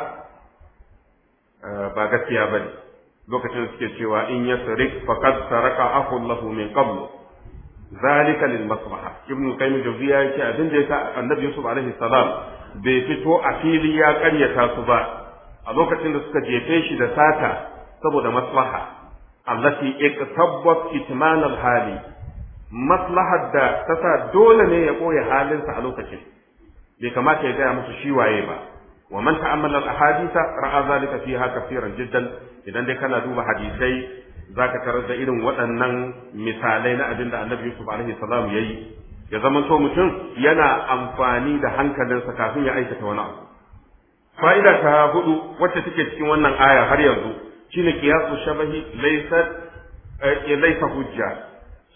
eh, ba gaskiya bane lokacin suke cewa in yasrik faqad saraka akhu lahu min qablu zalika lil maslaha ibn qayyim jawziya ce, abin da yasa annabi yusuf alaihi salam bai fito a fili ya karyata su ba a lokacin da suka jefe shi da sata saboda maslaha allati iktabbat kitman al-hali maslahar da ta sa dole ne ya ɓoye halinsa a lokacin bai kamata ya gaya musu shi waye ba wa man ta'ammala al-ahadisa ra'a zalika fiha kaseeran jiddan idan dai kana duba hadisai zaka tarar da irin waɗannan misalai na abinda da Annabi Yusuf alaihi salam yayi ya zama to mutum yana amfani da hankalinsa kafin ya aikata wani abu fa'ida ta hudu wacce take cikin wannan aya har yanzu shine kiyasu shabahi ya eh, laysa hujja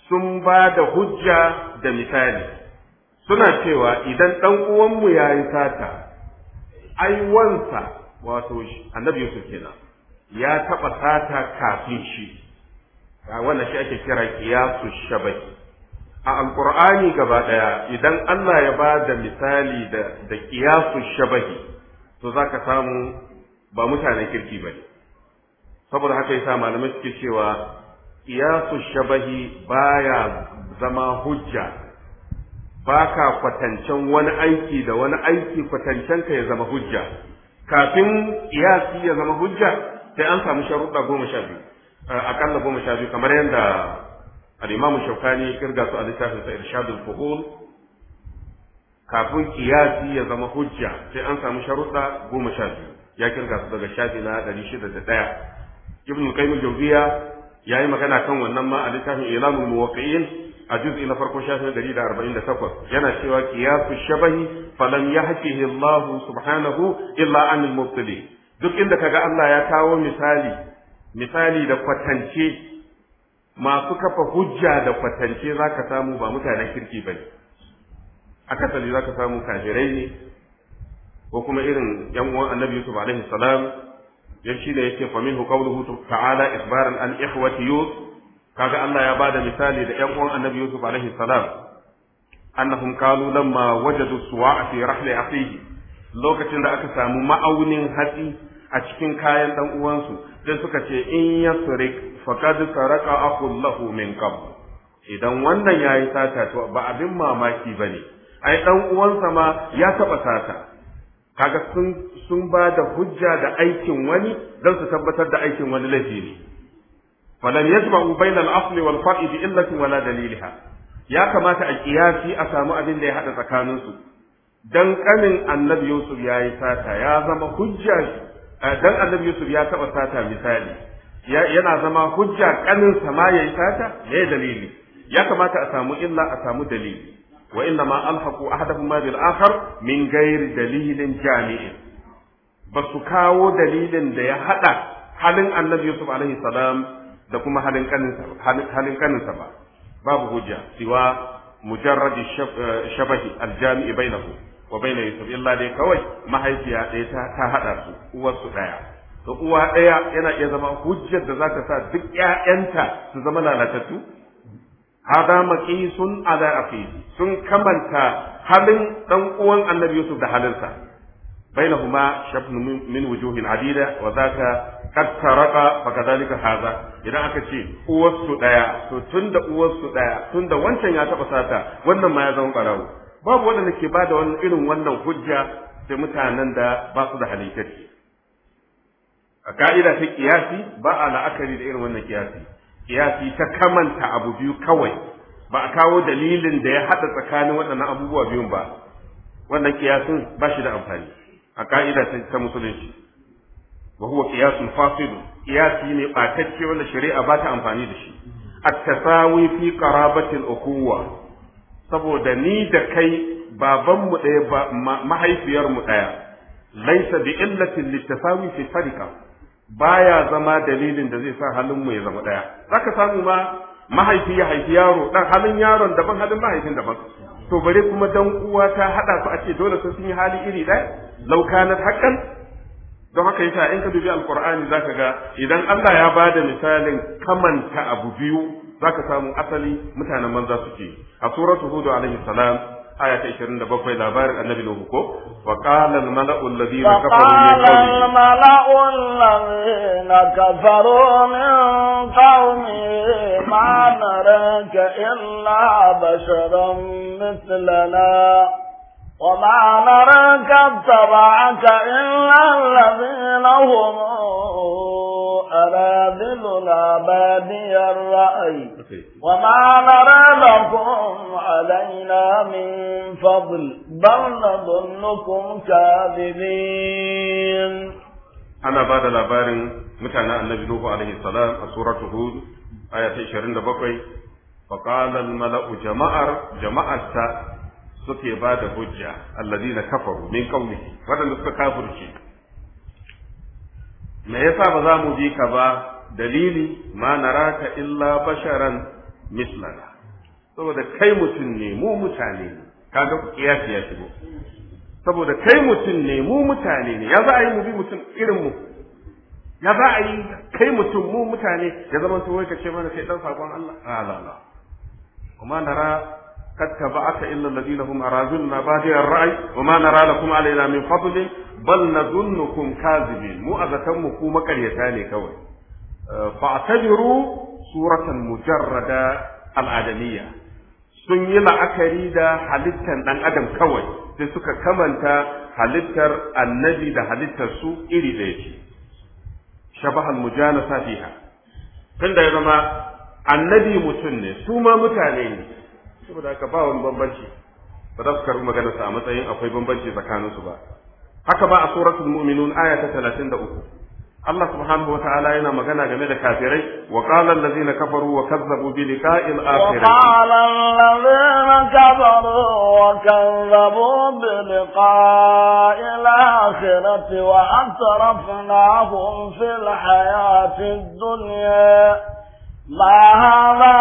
sun ba da hujja da misali suna cewa idan dan uwanmu yi sata ai wansa wato annabi Yusuf kenan ya taba sata kafin shi wannan shi ake kira qiyasu shabahi a alqur'ani gaba daya idan Allah ya ba da misali da kiyasu shabahi to zaka samu ba mutanen kirki bane saboda haka yasa malamai suke cewa iyasu shabahi baya zama hujja baka kwatancen wani aiki da wani aiki kwatancen ka ya zama hujja kafin qiyasi ya zama hujja sai an samu sharuɗa goma sha biyu eh, akalla goma sha biyu kamar yadda Alimamu Shaukani kirga su a littafin sa Irshadul Fuhul kafin qiyasi ya zama hujja sai an samu sharuɗa goma sha biyu ya kirga su daga shafi na ɗari shida da ɗaya ibn qayyim al-jawziya yayi magana kan wannan ma a littafin ilamul muwaqqi'in a juz'i na farko shafin 148 yana cewa qiyasu shabahi falam yahkihi Allah subhanahu illa al mubtali duk inda kaga Allah ya kawo misali misali da kwatance masu kafa hujja da kwatance zaka samu ba mutanen kirki bane akasari zaka samu kafirai ne ko kuma irin yan uwan Annabi Yusuf alaihi salam ya shi ne yake fa minhu qawluhu ta'ala ikhbaran an ikhwati yus kaga Allah ya bada misali da ƴan uwan Annabi Yusuf alaihi salam annahum qalu lamma wajadu suwa'a fi rahli aqihi lokacin da aka samu ma'aunin hatsi a cikin kayan dan uwansu sai suka ce in yasrik faqad saraka akhul lahu min qabl idan wannan yayi sata to ba abin mamaki bane ai dan uwansa ma ya taba sata kaga sun sun ba da hujja da aikin wani don su tabbatar da aikin wani laifi ne falam yajma'u bayna al-asli wal fa'i bi illatin wala daliliha ya kamata a kiyasi a samu abin da ya hada tsakanin su dan kanin annabi yusuf yayi sata ya zama hujja eh, dan annabi yusuf ya taba sata misali yana zama hujja kanin sama yayi sata me dalili ya kamata a samu illa a samu dalili wa inna ma alhaqu ma bil akhar min ghairi dalilin jami'in ba su kawo dalilin da ya hada halin annabi yusuf alaihi salam da kuma halin kaninsa ba babu hujja siwa mujarradi eh, shabahi aljami'i bainahu wa baina yusuf illa dai kawai mahaifiya ɗaya ta haɗa su uwarsu ɗaya to uwa ɗaya yana iya zama hujjar da za sa duk ƴaƴanta su zama lalatattu hada maqisun ala aqihi sun kamanta halin ɗan uwan annabi yusuf da halinsa bainahuma shafnu min wujuhin adida wa zaka qad taraka fa kadhalika hadha idan aka ce uwarsu ɗaya, to tunda uwarsu daya tunda wancan ya taba sata wannan ma ya zama barawo babu wanda ke bada wannan irin wannan hujja sai mutanen da ba su da halittaki a ka'ida ta kiyasi ba a la'akari da irin wannan kiyasi kiyasi ta kamanta abu biyu kawai ba a kawo dalilin da ya haɗa tsakanin waɗannan abubuwa biyun ba wannan kiyasin ba shi da amfani a ka'ida ta musulunci wa huwa qiyasun fasidu qiyasi ne batacce wanda shari'a ba ta amfani da shi at-tasawi fi qarabatil ukuwa saboda ni da kai baban mu ɗaya ba mahaifiyar mu ɗaya laysa bi illatin litasawi fi farika baya zama dalilin da zai sa halin mu ya zama daya zaka samu ma mahaifi ya haifi yaro dan halin yaron daban halin mahaifin daban to bare kuma dan uwa ta hada su a ce dole sun yi hali iri ɗaya law haƙƙan. don haka yasa in ka dubi alqur'ani zaka ga idan Allah ya ba da misalin kamanta abu biyu zaka samu asali mutanen manza suke a suratu hud alaihi salam aya ta 27 labarin annabi Nuhu ko wa qala al mala'u alladhina kafaru min qawmi al mala'u alladhina kafaru min qawmi ma naraka illa basharan mithlana وما نراك اتبعك إلا الذين هم أرادلنا بادي الرأي وما نرى لكم علينا من فضل بل نظنكم كاذبين أنا بعد الأبار متعنا أن نجدوه عليه السلام سورة هود آية 27 فقال الملأ جماعة جماعة suke ba da hujja alladina kafaru min qaumihi wadanda suka kafirce me yasa ba za mu bi ka ba dalili ma naraka illa basharan mislana saboda kai mutum ne mu mutane ne kaga kiyasi ya shigo saboda kai mutum ne mu mutane ne ya za a yi mu bi mutum irin mu ya za a yi kai mutum mu mutane ya zama to wai ka ce mana kai dan sakon Allah ah, la Allah kuma nara قد تبعك إلا الذين هم أراذلنا بادي الرأي وما نرى لكم علينا من فضل بل نظنكم كاذبين مو kawai. كوما كريتاني كوي فاعتبروا سورة مجردة الآدمية sun yi la'akari da halittar ɗan adam kawai sai suka kamanta halittar annabi da halittar su iri ɗaya ce shabahal mujalasa fiha tunda ya zama annabi mutum ne su ma mutane saboda haka ba wani bambanci ba za su karbi maganar sa a matsayin akwai bambanci tsakanin su ba haka ba a suratul mu'minun aya ta 33 Allah subhanahu wa ta'ala yana magana game da kafirai wa qala allazina kafaru wa kazzabu bi liqa'il akhirah wa qala allazina kafaru wa kazzabu bi liqa'il akhirah wa atrafnahum fil hayatid dunya ما هذا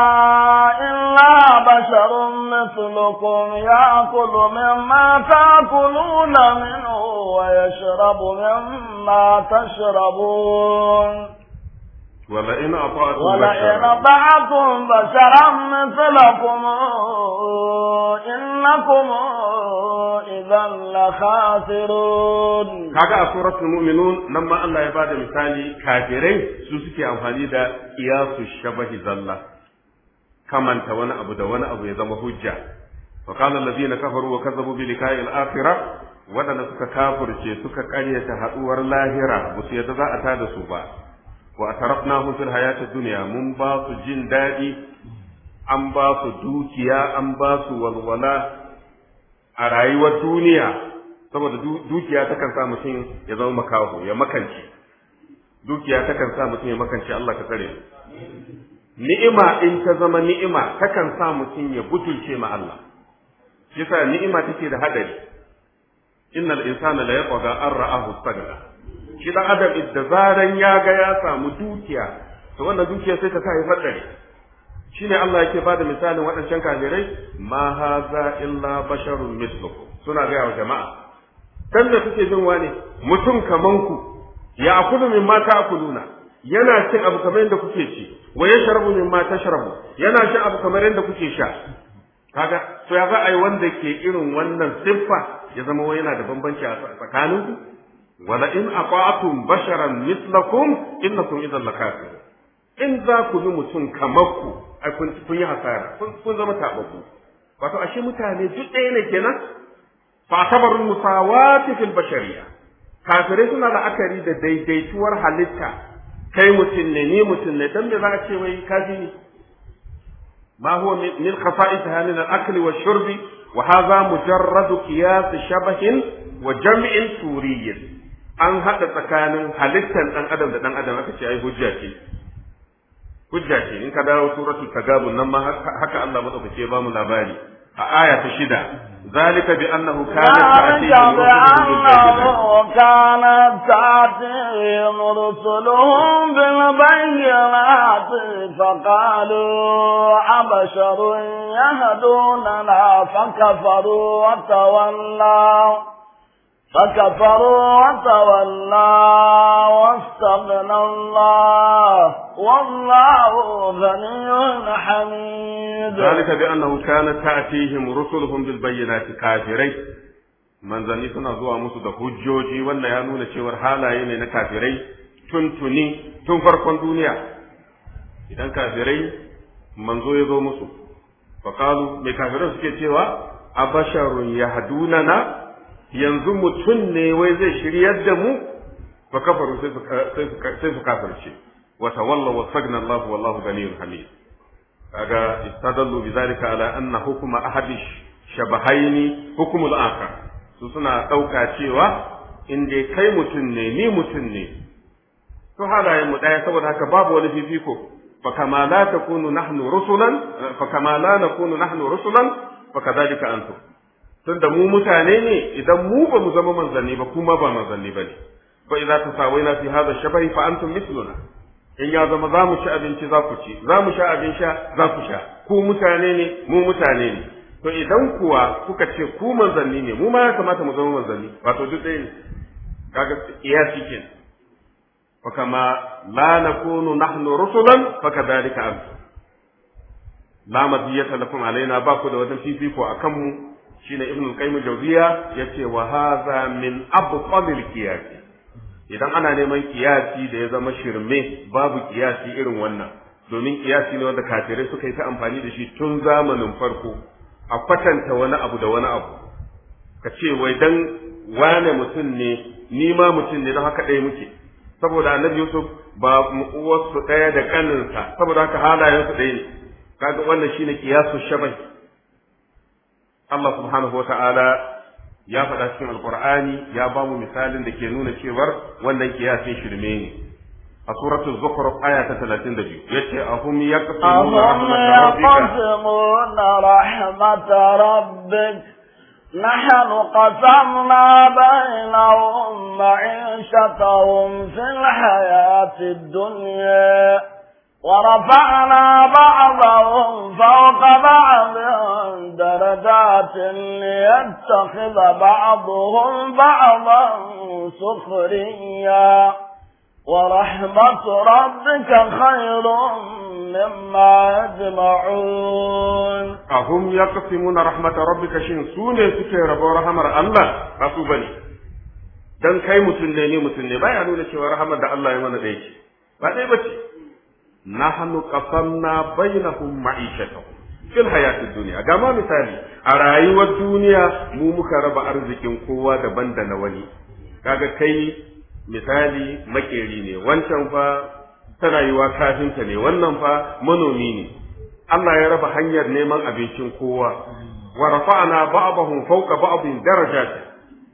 إلا بشر مثلكم يأكل مما تأكلون منه ويشرب مما تشربون ولئن أطعتم ولئن أطعتم بشرا مثلكم إنكم idan la khasirun kaga a suratul mu'minun nan ma Allah ya bada misali kafirai su suke amfani da iyasu shabahi zalla kamanta wani abu da wani abu ya zama hujja fa qala allazina kafaru wa kazzabu bi liqa'i al suka kafirce suka karyata haduwar lahira ba su yadda za a tada su ba wa atarafnahu fil hayati dunya mun ba su jin dadi an ba su dukiya an ba su walwala a rayuwar duniya saboda dukiya takan sa mutum ya zama makaho ya makance dukiya takan sa mutum ya makance Allah ka tsare ni'ima in ta zama ni'ima takan sa mutum ya butulce ma Allah yasa ni'ima take da hadari innal insana la yaqda an ra'ahu shi dan adam idda zaran ya ga ya samu dukiya to wannan dukiya sai ta sa ya fadare ne Allah yake bada misalin waɗancan kafirai ma haza illa basharun mislukum suna ga wa jama'a kan da kuke jin wani mutum kaman ku ya akulu min ma ta'kuluna yana cin abu kamar yadda kuke ci wa yashrabu min ma tashrabu yana shan abu kamar yadda kuke sha kaga to ya ga ai wanda ke irin wannan siffa ya zama wai yana da bambanci a tsakaninku wala in aqatum basharan mislakum innakum idan lakafir in za ku bi mutum kamar ku ai kun yi hasara kun zama tabaku wato ashe mutane duk ɗaya ne kenan fa tabarun musawati fil bashariya kafirai suna la'akari da daidaituwar halitta kai mutum ne ni mutum ne dan me za a ce wai kafi ne ma huwa min khafa'itha min al-akli wa shurbi wa hadha mujarrad qiyas shabahin wa jam'in turiyyin an haɗa tsakanin halittar ɗan adam da ɗan adam aka ce ai hujja ce hujja ce in ka dawo suratul tagabun nan ma haka Allah madaukake ya bamu labari a aya ta shida zalika bi annahu kana ta'tihim rusuluhum bil bayyinati faqalu abasharun yahdunana fakafaru wa tawallaw فكفروا وتولوا واستغنى الله والله غني حميد ذلك بأنه كانت تأتيهم رسلهم بالبينات كافرين manzanni suna zuwa musu da hujjoji wanda ya nuna cewar halaye ne na kafirai tun tuni tun farkon duniya idan kafirai manzo ya zo musu fa mai kafirai suke cewa abasharun na. yanzu mutum ne wai zai shiryar da mu fa kafaru sai su kafirce wa tawalla wa sagna Allah wallahu ganiyyun hamid kaga istadallu bizalika ala anna hukuma ahadi shabahaini hukumul akhar su suna dauka cewa in dai kai mutum ne ni mutum ne to halayen mu daya saboda haka babu wani fifiko fa kama la takunu nahnu rusulan fa kama la nakunu nahnu rusulan fa kadhalika antum tunda mu mutane ne idan mu ba mu zama manzanni ba kuma ba manzanni ba ne fa idza tasawaina fi hadha shabahi fa antum mithluna in ya zama za mu ci abinci za ku ci za mu sha abin sha za ku sha ku mutane ne mu mutane ne to idan kuwa kuka ce ku manzanni ne mu ma ya kamata mu zama manzanni wato duk ɗaya ne kaga iya cikin fa kama la nakunu nahnu rusulan fa kadhalika antum la madiyata lakum alaina ba ku da wajen fifiko akan mu shine ibn qayyim jawziya yace wa hadha min abqal qiyas idan ana neman kiyasi da ya zama shirme babu kiyasi irin wannan domin kiyasi ne wanda kafirai suka yi ta amfani da shi tun zamanin farko a kwatanta wani abu da wani abu ka ce wai dan wane mutum ne ni ma mutum ne don haka ɗaya muke saboda annabi yusuf ba uwarsu ɗaya da kaninsa saboda haka halayensu ɗaya ne kaga wannan shine kiyasu shabai الله سبحانه وتعالى يا فداشين القرآن يا بام مثال لك نون الشيبر ولك يا سي شرمين سورة الزخرف آية 30 دقيقة يتي أهم يقسمون رحمة رحمة ربك نحن قسمنا بينهم معيشتهم في الحياة الدنيا ورفعنا بعضهم فوق بعض درجات ليتخذ بعضهم بعضا سخريا ورحمة ربك خير مما يجمعون أهم يقسمون رحمة ربك شين سوني سكي ربو رحمة الله أصوبني dan kai mutum ne باي mutum ne baya الله cewa rahamar بعد ايبتي Na nahnu qasamna bainahum ma'ishatahum fil hayatid dunya ga ma misali a rayuwar duniya mu muka raba arzikin kowa daban da na wani kaga kai misali maƙeri ne wancan fa ta rayuwa kafinta ne wannan fa manomi ne Allah ya raba hanyar neman abincin kowa wa rafa'na ba'dahum fawqa ba'dhin darajat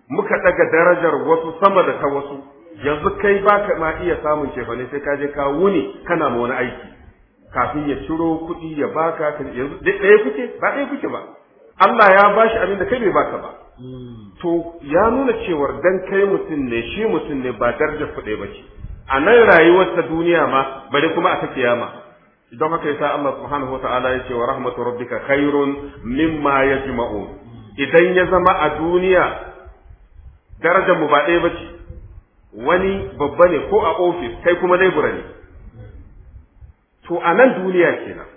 muka daga darajar wasu sama da ta wasu yanzu kai ba ka ma iya samun cefane sai ka je ka wuni kana ma wani aiki kafin ya ciro kuɗi ya baka yanzu ɗaya kuke ba ɗaya kuke ba Allah ya bashi abin da kai bai baka ba to ya nuna cewar dan kai mutum ne shi mutum ne ba darajar kuɗi ba ce a nan rayuwar ta duniya ma bari kuma a ta kiyama Idan haka yasa Allah subhanahu wataala ya ce wa rahmatu rabbika khairun mimma yajma'un idan ya zama a duniya darajar mu ba ɗaya ba ce wani babba ne ko a ofis kai kuma lebura ne to a nan duniya kenan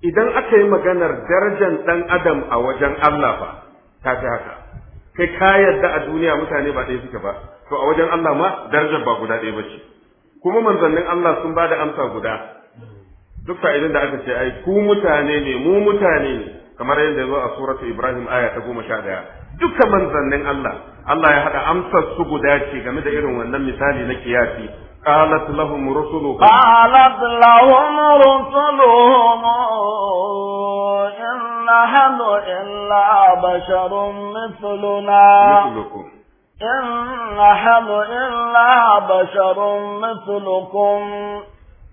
idan aka yi maganar darajar ɗan adam a wajen Allah ba ta fi haka kai ka yarda a duniya mutane ba ɗaya suke ba to a wajen Allah ma darajar ba guda ɗaya ba ce kuma manzannin Allah sun bada amsa guda duk fa'idan da aka ce ai ku mutane ne mu mutane ne kamar yadda zo a suratu Ibrahim aya ta goma sha ɗaya duka manzannin Allah Allah ya haɗa amsar su guda ce game da irin wannan misali na kiyasi قالت لهم رسلهم قالت لهم رسلهم إن نحن إلا بشر مثلنا مثلكم إن نحن إلا بشر مثلكم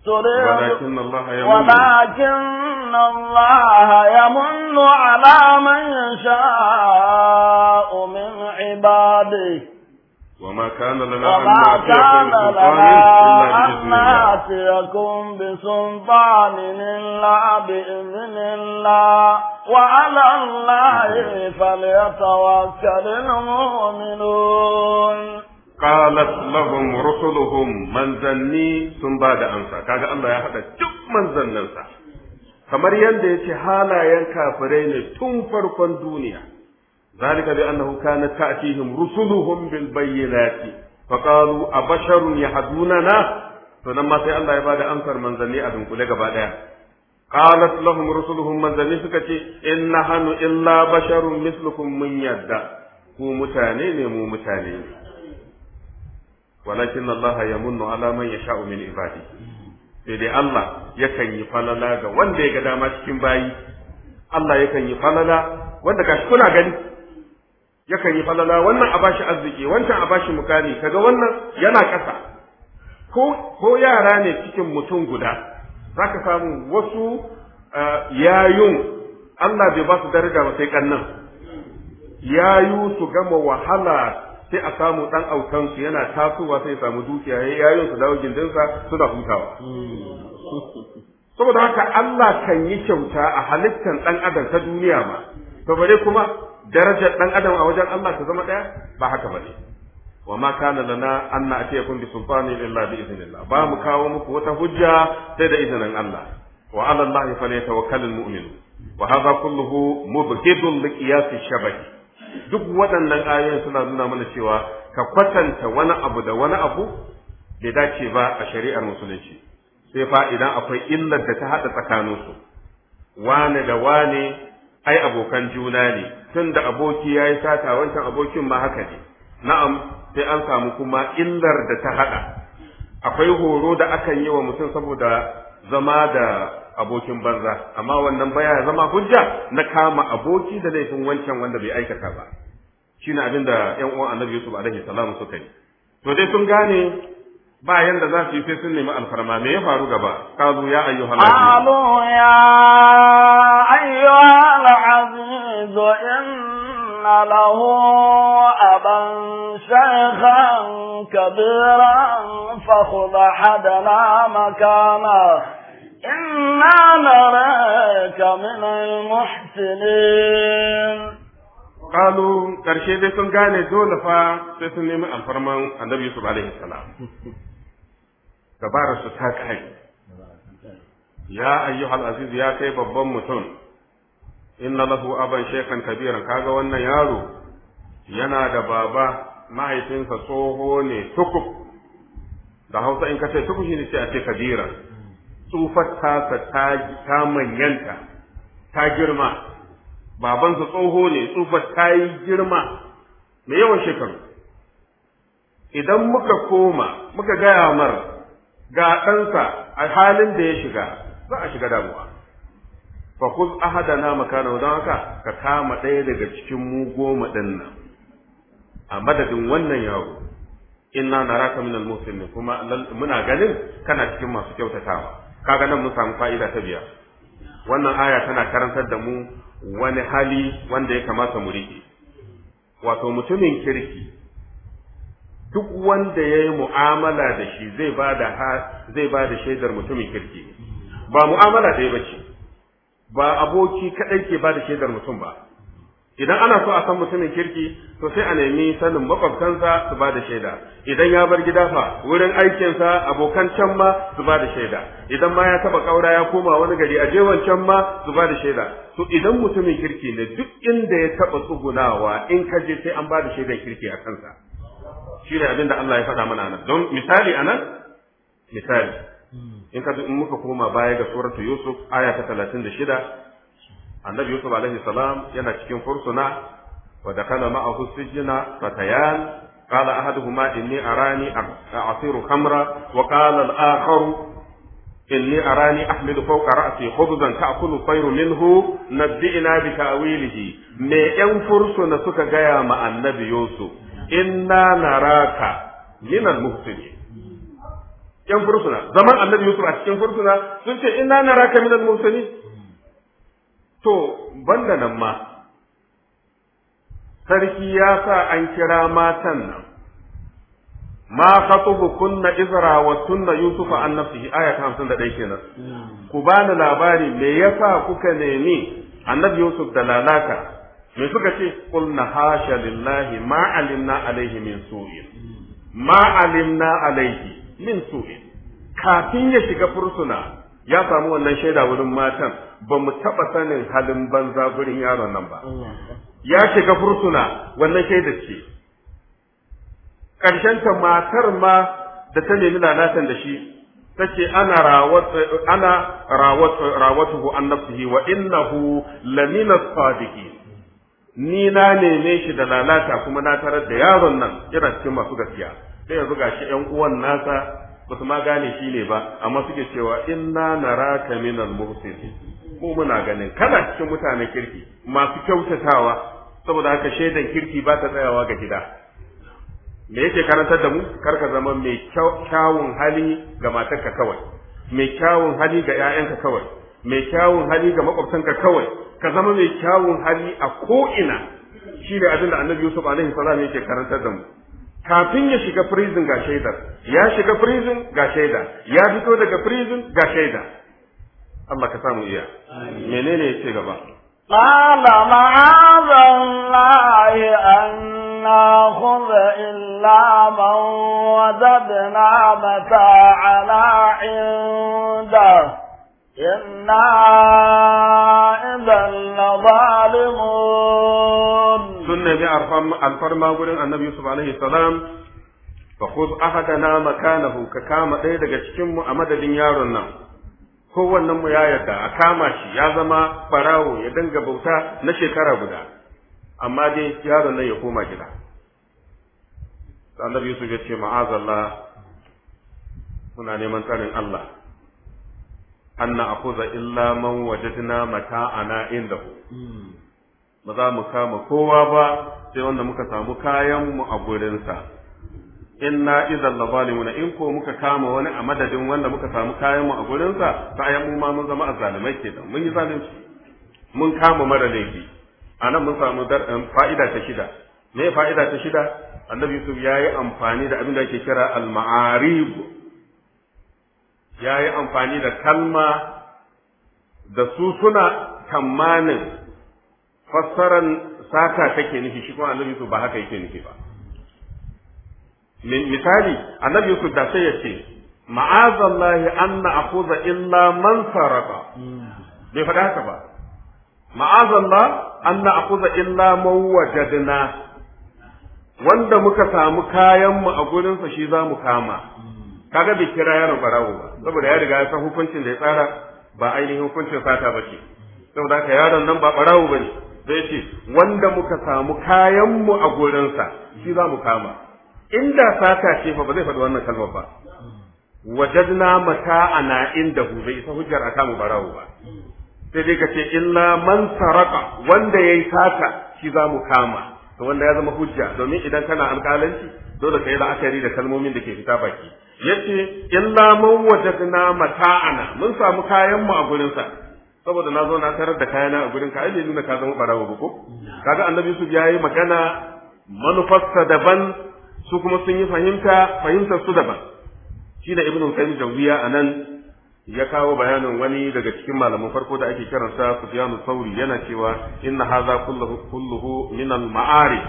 ولكن الله يمن ولكن الله يمن على من يشاء من عباده وما كان لنا وما كان لنا أن يكون بسلطان إلا بإذن الله وعلى الله فليتوكل المؤمنون qalat lahum rusuluhum sun ba da amsa kaga Allah ya hada duk manzannansa kamar yadda ya ce halayen kafirai ne tun farkon duniya zalika bi annahu kana ta'tihim rusuluhum bil bayyinati qalu abasharun na? to nan ma sai Allah ya bada amsar manzanni a dunkule gaba daya qalat lahum rusuluhum manzanni suka ce in hanu illa basharun mislukum mun yadda ku mutane ne mu mutane ne walakin Allah ya munnu alaman ya yasha'u min ibadi sai dai Allah yakan yi falala ga wanda ya ga dama cikin bayi Allah yakan yi falala wanda gashi kuna gani yakan yi falala wannan a bashi arziki wancan a bashi mukami kaga wannan yana ƙasa ko ko yara ne cikin mutum guda zaka samu wasu yayun Allah bai ba su daraja ba sai kannan yayu su gama wahala sai a samu dan autan su yana tasowa sai ya samu dukiya yayin yayin su dawo gindinsa suna hutawa saboda haka Allah kan yi kyauta a halittar dan adam ta duniya ma to bare kuma darajar dan adam a wajen Allah ta zama daya ba haka bane wa ma kana lana an na'tiyakum bi sultani illa bi idhnillah ba mu kawo muku wata hujja sai da izinin Allah wa ala Allah falyatawakkalul mu'min wa hadha kulluhu mubghidun liqiyas ash shabaki. duk waɗannan ayoyin suna nuna mana cewa ka kwatanta wani abu da wani abu bai dace ba a shari'ar musulunci sai fa idan akwai illar da ta haɗa tsakaninsu wane da wane ai abokan juna ne tun da aboki ya yi sata wancan abokin ma haka ne na'am sai an samu kuma illar da ta haɗa akwai horo da akan yi wa mutum saboda zama da abokin banza amma wannan baya ya zama hujja na kama aboki da laifin wancan wanda bai aikata ba shine abin da ƴan uwan Annabi Yusuf alaihi salam suka yi to dai sun gane ba yanda za su yi sai sun nemi alfarma me ya faru gaba kazu ya ayyuha qalu ya ayyuha aziz inna lahu aban shaykhan kabiran fa khudha hadana makana إنا نراك dai sun gane dole fa سن غاني دول فا سي سن نيمي الفرمان النبي يوسف عليه السلام dabarar su ta kai ya ayyuhal aziz ya kai babban mutum inna lahu aban shekan kabiran kaga wannan yaro yana da baba mahaifinsa tsoho ne tukuk. da hausa in ka ce tukub shi ne ce a ce tsufar tasa ta manyanta ta girma babansa tsoho ne tsufar ta yi girma mai yawan shekaru idan muka koma muka gaya mar ga ɗansa a halin da ya shiga za a shiga damuwa fa kuz ahadana makana don haka ka kama ɗaya daga cikin mu goma ɗin nan a madadin wannan yaro inna naraka minal muslimin kuma muna ganin kana cikin masu kyautatawa kaga nan mun samu fa'ida ta biya. wannan aya tana karantar da mu wani hali wanda ya kamata mu riƙe wato mutumin kirki duk wanda ya yi mu'amala da shi zai ba da shaidar mutumin kirki ba mu'amala da ya bace ba aboki kaɗai ke bada da shaidar mutum ba idan ana so a san mutumin kirki to sai a nemi sanin makwabtansa su ba da shaida idan ya bar gida fa wurin aikinsa abokan can ma su ba da shaida idan ma ya taba kaura ya koma wani gari a je wancan ma su ba da shaida to idan mutumin kirki ne duk inda ya taba tsugunawa in ka je sai an ba da shaidar kirki a kansa shi ne abin da Allah ya faɗa mana nan don misali a nan, misali in ka in muka koma baya ga suratu yusuf aya ta shida. annabi yusuf alaihi salam yana cikin fursuna wa dakala ma'ahu sijna fatayan قال أحدهما إني أراني أعصير خمرا وقال الآخر إني أراني أحمل فوق رأسي خبزا تأكل الطير منه نبئنا بتأويله ما ينفرس نسك جايا مع النبي يوسف إنا نراك من المحسنين yan fursuna zaman annabi yusuf a cikin fursuna sun ce inna naraka minal muhsinin to banda nan ma sarki ya sa an kira matan nan ma khatubu kunna izra wa sunna yusufa an nafsihi aya ta 51 kenan ku bani labari me yasa kuka nemi annabi yusuf da lalaka me suka ce qulna hasha lillahi ma alimna alaihi min su'in ma alimna alaihi min su'in kafin ya shiga fursuna ya samu wannan shaida wurin matan ba mu taɓa sanin halin banza gurin yaron nan ba ya shiga fursuna wannan shaida ce ta matar ma da ta nemi lalatan da shi ta ce ana rawatuhu an nafsihi wa innahu lamina sadiki ni na neme shi da lalata kuma na tarar da yaron nan yana cikin masu gaskiya sai buga shi yan uwan nasa ba su ma gane shi ne ba amma suke cewa inna naraka minal muhsinin mu muna ganin kana cikin mutanen kirki masu kyautatawa saboda haka shaidan kirki ba ta tsayawa ga gida me yake karantar da mu karka ka zama mai kyawun hali ga matarka kawai mai kyawun hali ga 'ya'yanka kawai mai kyawun hali ga makwabtanka kawai ka zama mai kyawun hali a ko'ina shi ne abin da annabi yusuf alaihi salam yake karantar da mu kafin ya shiga prison ga shaidar ya shiga prison ga shaida ya fito daga prison ga shaida Allah ka samu iya menene ya ce gaba قال معاذ الله أن نأخذ إلا من وجدنا متاعنا عنده إنا إذا لظالمون سنة بألفرما قولن النبي يوسف عليه السلام ɗaya daga cikinmu a madadin yaron nan kowannen mu ya yarda a kama shi ya zama farawo ya danga bauta na shekara guda amma dai yaron nan ya koma gida annabi Yusuf ya ce ma'azallah muna neman tsarin Allah an akuza illa man wajadna ana inda ba za mu kama kowa ba sai wanda muka samu kayan mu a gurinsa inna idan labalimuna in ko muka kama wani a madadin wanda muka samu kayan mu a gurinsa ta ayan mu ma mun zama ke da, mun yi zalunci mun kama mara laifi anan mun samu um, fa'ida ta shida me fa'ida ta shida annabi yusuf yayi amfani da abin da ake kira al-ma'arib ya yi amfani da kalma da su suna tamanin fassaran sata take nufi shi kuma annabi su ba haka yake nufi ba misali annabi Yusuf da sai ya ce ma'azallahi an na akuza illa man saraka bai faɗa haka ba ma'azallah an na akuza illa man wajadna wanda muka samu kayanmu a gurinsa shi za mu kama kaga bai kira yaron barawo ba saboda ya riga ya san hukuncin da ya tsara ba ainihin hukuncin sata ba ce saboda haka yaron nan ba barawo ba ne sai ce wanda muka samu kayanmu a gurinsa shi za mu kama inda sata ce fa ba zai faɗi wannan kalmar ba wajadna inda hu bai isa hujjar a kama barawo ba sai dai ka ce illa man saraka wanda yayi sata shi za mu kama to wanda ya zama hujja domin idan kana alƙalanci dole ka yi la'akari da kalmomin da ke fita baki yace illa man wajadna mata'ana mun samu kayan mu a gurin sa saboda na zo na tarar da kayana a gurin ka ai nuna ka zama barawo ba ko kaga annabi su yayi magana manufasta daban su kuma sun yi fahimta fahimtar su daban shi da ibnu qayyim jawiya anan ya kawo bayanin wani daga cikin malaman farko da ake sa sufyanu Sauri yana cewa inna hadha kulluhu kulluhu min al ma'ari,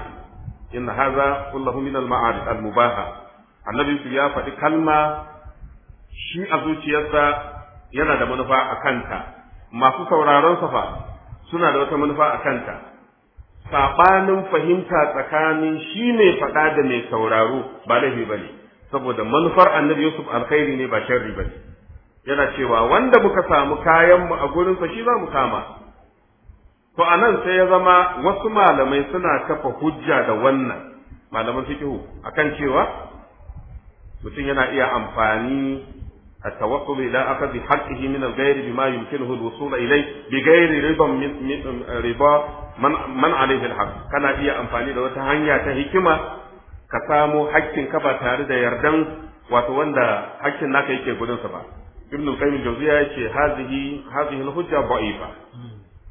inna hadha kulluhu min al ma'ari al-mubaha annabi su ya faɗi kalma shi a zuciyarsa yana da manufa a kanta masu sauraron fa suna da wata manufa a kanta saɓanin fahimta tsakanin shi mai faɗa da mai sauraro ba laifi ba ne saboda manufar annabi yusuf alkhairi ne ba sharri ba ne yana cewa wanda muka samu kayanmu a gurinsa shi za mu kama to a nan sai ya zama wasu malamai suna kafa hujja da wannan malaman fikihu akan cewa mutum yana iya amfani a tawakkul ila akadi haqqihi min al-ghayr bima yumkinuhu al-wusul ilay bi ghayri riban min riba man man alayhi al-haqq kana iya amfani da wata hanya ta hikima ka samo haƙƙin ka ba tare da yardan wato wanda haƙƙin naka yake gudunsa ba ibn al-qayyim jawziya yace hazihi hazihi al-hujja da'ifa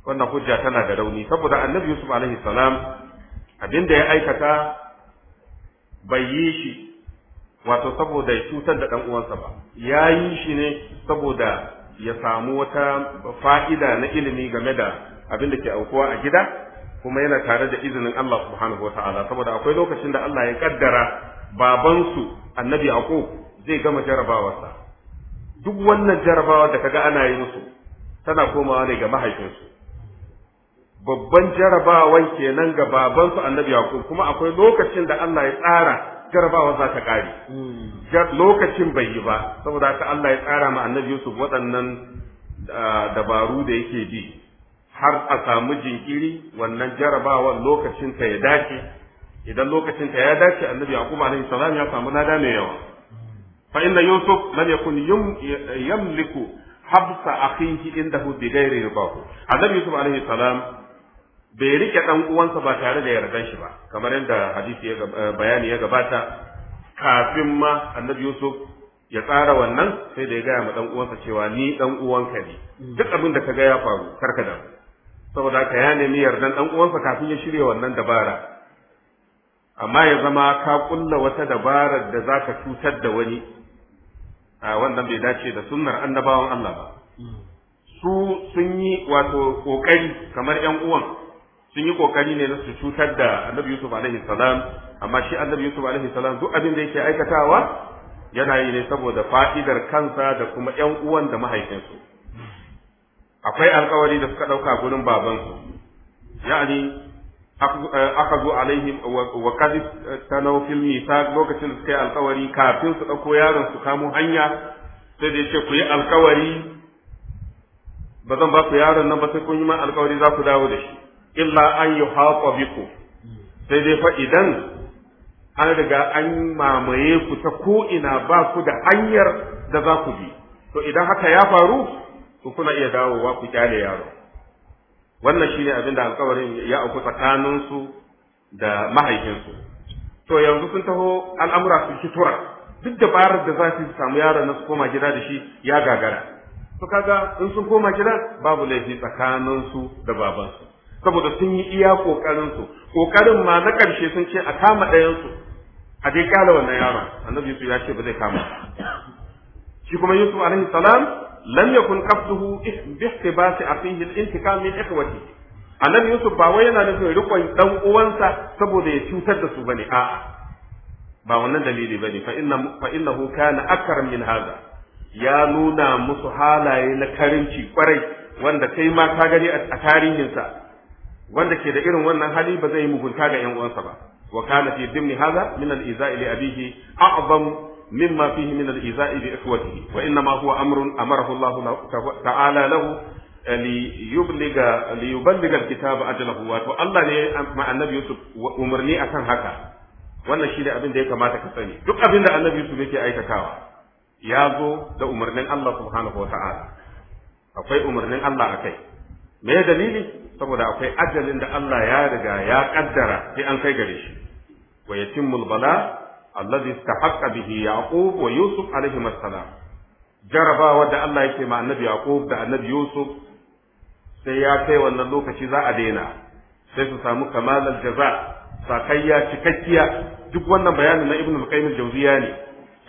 wannan hujja tana da rauni saboda annabi yusuf alaihi salam abinda ya aikata bai yi shi wato saboda ya cutar da ɗan uwansa ba ya yi shi ne saboda ya samu wata fa'ida na ilimi game da abin da ke aukuwa a gida kuma yana tare da izinin Allah subhanahu wa ta'ala saboda akwai lokacin da Allah ya kaddara babansu annabi Yaqub zai gama jarabawarsa duk wannan jarabawa da kaga ana yi musu tana komawa ne ga mahaifinsu babban jarabawan kenan ga babansu annabi Yaqub kuma akwai lokacin da Allah ya tsara jarabawa za ta kare hmm. lokacin bai yi ba saboda haka Allah ya tsara ma annabi Yusuf waɗannan ah, dabaru da yake bi har a samu jinkiri wannan jarabawa lokacinta ya dace idan lokacinta ya dace annabi Yaqub alaihi salam ya samu nada mai yawa hmm. fa inna Yusuf lam yakun yamliku habsa akhihi indahu bighairi ribahu annabi Yusuf alaihi bai rike ɗan uwansa ba tare da yardan shi ba kamar yadda hadisi ya eh, bayani ya gabata kafin ma annabi yusuf ya tsara wannan sai da ya gaya ma dan uwansa cewa ni dan uwanka ne mm. duk abin da kaga ya faru karka da saboda ka ya nemi yardan dan uwansa kafin ya shirya wannan dabara amma ya zama ka kulla wata dabara da zaka cutar da wani a wannan bai dace da sunnar annabawan Allah ba mm. su sun yi wato kokari kamar ƴan uwan sun yi kokari ne na su cutar da annabi yusuf alaihi salam amma shi annabi yusuf alaihi salam duk abin da yake aikatawa yana yi ne saboda fa'idar kansa da kuma ƴan uwan da mahaifinsu akwai alkawari da suka ɗauka gurin babansu ya'ani akazu eh, alaihim wa kadib ta fil mithaq lokacin da suka yi alkawari kafin su ɗauko yaron su kamo hanya sai da yace ku yi alkawari ba zan ba ku yaron nan ba sai kun yi ma alkawari za ku dawo da shi illa an yi biku sai dai fa idan an riga an mamaye ku ta ko'ina ba ku da hanyar da za ku bi to idan haka ya faru to kuna iya dawowa ku kyale yaro wannan shine abin da alkawarin ya auku tsakaninsu da mahaifinsu to yanzu sun taho al'amura su tura duk da dabarar da za su samu yaron na su koma gida da shi ya gagara to kaga in sun koma gida babu laifi tsakaninsu da babansu saboda sun yi iya kokarin su kokarin ma na karshe sun ce a kama ɗayan su a dai kala wannan yaron annabi Yusuf ya ce ba zai kama shi kuma Yusuf alaihi salam lam yakun qasduhu bi ihtibasi afihi al-intiqam min ikhwati annabi Yusuf ba wai yana nufin rikon dan uwansa saboda ya cutar da su bane a'a ba wannan dalili bane fa inna fa innahu kana akram min hadha ya nuna musu halaye na karinci kwarai wanda kai ma ka gani a tarihinsa wanda ke da irin wannan hali ba zai yi mugunta ga yan uwansa ba wa kana fi dimni hadha min al-iza'i li abihi a'zam mimma fihi min al-iza'i li ikhwatihi wa inna ma huwa amrun amarahu Allah ta'ala lahu eh, li yubliga li yuballiga al-kitaba ajlahu wa to Allah ne ma annabi Yusuf umarni akan haka wannan shi ne abin da ya kamata ka sani duk abin da annabi Yusuf yake aikatawa ya zo da umarnin Allah subhanahu wa ta'ala akwai umarnin Allah akai me ya dalili saboda akwai ajalin da Allah ya riga ya kaddara sai an kai gare shi wa yatimul bala alladhi istahaqqa bihi yaqub wa yusuf alaihi assalam jarabawa da Allah yake ma annabi yaqub da annabi yusuf sai ya kai wannan lokaci za a daina sai su samu kamalar jaza sakayya cikakkiya duk wannan bayanin na ibnu qayyim al-jawziya ne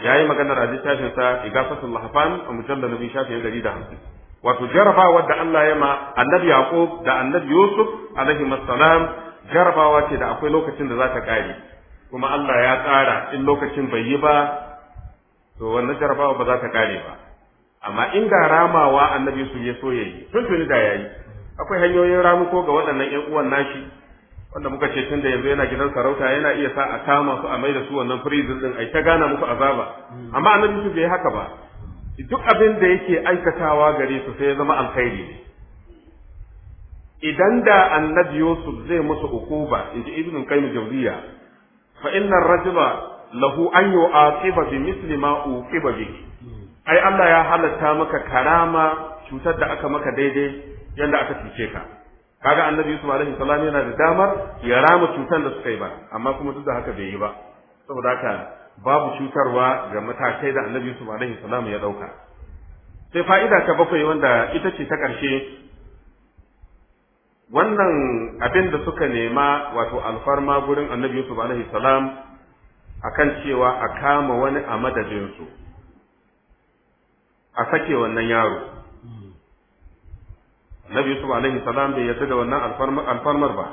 yayi maganar a littafin sa igafatul lahfan a mujallal nabi shafi 150 wato jarabawar da Allah ya ma annabi Yaqub da annabi Yusuf alaihi salam jarabawa ce da akwai lokacin da za ta kare kuma Allah ya tsara in lokacin bai yi ba to wannan jarabawa ba za ta kare ba amma in ga ramawa annabi su ya so yayi tun tuni da yayi akwai hanyoyin ramuko ga waɗannan ƴan uwan nashi wanda muka ce tun da yanzu yana gidan sarauta yana iya sa a kama su a mai da su wannan prison din ai ta gana muku azaba amma annabi su bai haka ba duk abin da yake aikatawa gare su sai ya zama alkhairi idan da annabi Yusuf zai musu ukuba inji ibn qayyim jawziya fa inna ar-rajula lahu an yu'aqiba bi misli ma uqiba bi ai Allah ya halatta maka karama cutar da aka maka daidai yanda aka cuce ka kaga annabi Yusuf alaihi salam yana da damar ya rama cutar da suka yi ba amma kuma duk da haka bai yi ba saboda haka babu cutarwa ga matakai da annabi Yusuf alaihi salam ya dauka sai fa'ida ta bakwai wanda ita ce ta ƙarshe wannan abin da suka nema wato alfarma gurin annabi Yusuf alaihi salam akan cewa a kama wani a madadinsu a sake wannan yaro annabi Yusuf alaihi salam bai yarda da wannan alfarmar ba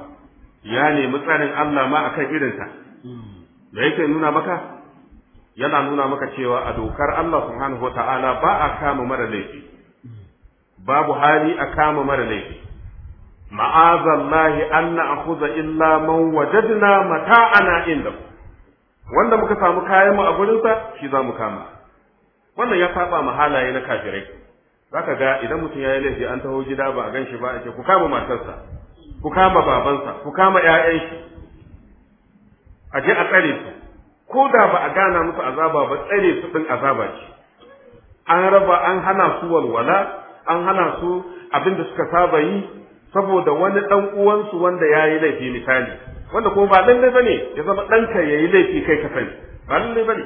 ya nemi tsarin Allah ma akan irinta da yake nuna maka yana nuna maka cewa a dokar Allah subhanahu wa ta'ala ba a kama mara laifi babu hali a kama mara laifi ma'azallahi an akuza illa man wajadna mata'ana inda wanda muka samu kayan mu a gurin shi za mu kama wannan ya saba ma halaye na kafirai zaka ga idan mutum ya yi laifi an taho gida ba a ganshi ba a ce ku kama matarsa ku kama babansa ku kama ƴaƴan aje a je a tsare su ko da ba a gana musu azaba ba tsare su din azaba ce an raba an hana su walwala an hana su abin da suka saba yi saboda wani dan uwansu wanda ya yi laifi misali wanda ko ba lalle bane ya zama ɗanka ya yi laifi kai ka sani ba lalle bane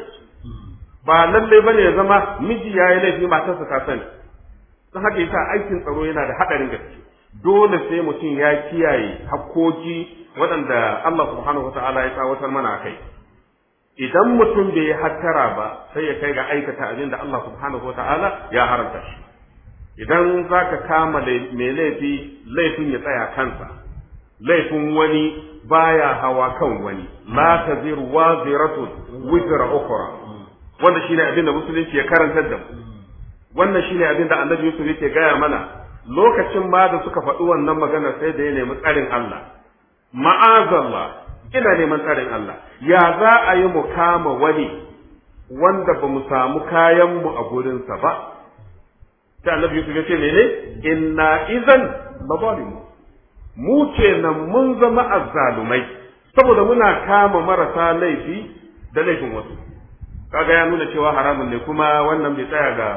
ba lalle bane ya zama miji ya yi laifi matarsa ta sani don haka yasa aikin tsaro yana da haɗarin gaske dole sai mutum ya kiyaye hakkoki waɗanda Allah subhanahu wa ta'ala ya tsawatar mana a kai idan mutum bai yi hattara ba sai ya kai ga aikata abin da Allah subhanahu wa ta'ala ya haramta shi idan za ka kama mai laifi laifin ya tsaya kansa laifin wani baya hawa kan wani la wa ziratu wizra ukhra wanda shine abin da musulunci ya karanta da wannan shine abin da annabi Yusuf yake gaya mana lokacin ma da suka faɗi wannan magana sai da ya nemi tsarin Allah ma'azallah ina neman tsarin Allah ya za a yi mu kama wani wanda ba mu samu mu a gurinsa ba ta annabi Yusuf ya ce mene inna izan mazalimu mu kenan mun zama azzalumai saboda muna kama marasa laifi da laifin wasu kaga ya nuna cewa haramun ne kuma wannan bai tsaya ga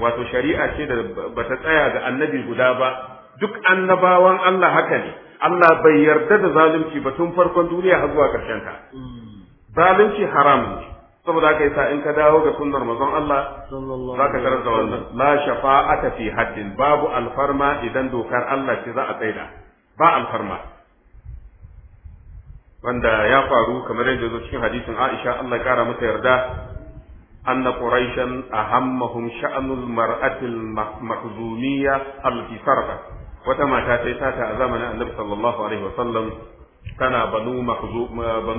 wato shari'a ce da bata tsaya ga annabi guda ba duk annabawan Allah haka ne Allah bai yarda da zalunci ba tun farkon duniya har zuwa ƙarshen ta zalunci haram ne saboda haka yasa in ka dawo ga sunnar manzon Allah za ka karanta wannan la shafa'ata fi haddin babu alfarma idan dokar Allah ce za a tsaida ba alfarma wanda ya faru kamar yadda zo cikin hadisin Aisha Allah kara mata yarda أن قريشا أهمهم شأن المرأة المخزومية التي سرقت wata mata ta yi sata a zamanin annabi sallallahu alaihi wa sallam tana banu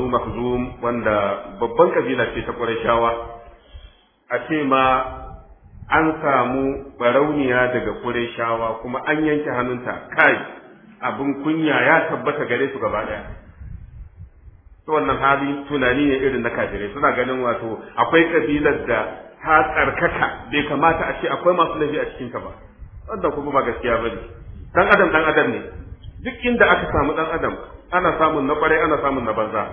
mahzum wanda babban kabila ce ta qurayshawa a ce ma an samu barauniya daga qurayshawa kuma an yanke hannunta kai abin kunya ya tabbata gare su gaba ɗaya To wannan hali tunani ne irin na kafire suna ganin wato akwai kabilar da ta tsarkaka bai kamata a ce akwai masu laifi a cikinta ba wanda kuma ba gaskiya ba ne dan adam dan adam ne duk inda aka samu dan adam ana samun na kwarai ana samun na banza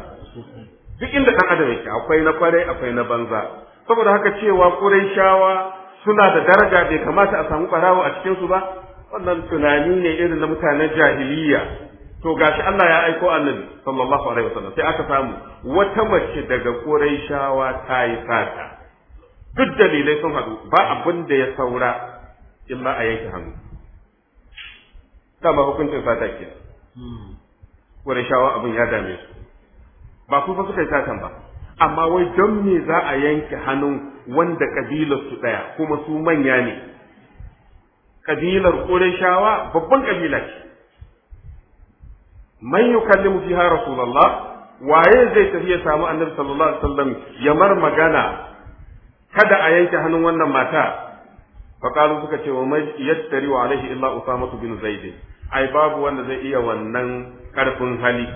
duk inda dan adam yake akwai na kwarai akwai na banza saboda haka cewa shawa suna da daraja bai kamata a samu barawo a cikin su ba wannan tunani ne irin na mutanen jahiliya to gashi Allah ya aiko annabi sallallahu alaihi wasallam sai aka samu wata mace daga shawa ta yi fata duk dalilai sun hadu ba abin ya saura illa a yanke hannu dama hukuncin fata ke shawa abin ya dame su ba su fa suka yi satan ba amma wai don me za a yanke hannun wanda kabilar su daya kuma su manya ne kabilar shawa babban kabila ce man yukallimu fiha rasulullah waye zai tafi ya samu annabi sallallahu alaihi wasallam ya mar magana kada a yanke hannun wannan mata faqalu suka ce wa mai yattari wa alaihi illa usamatu bin zaid ai babu wanda zai iya wannan karfin hali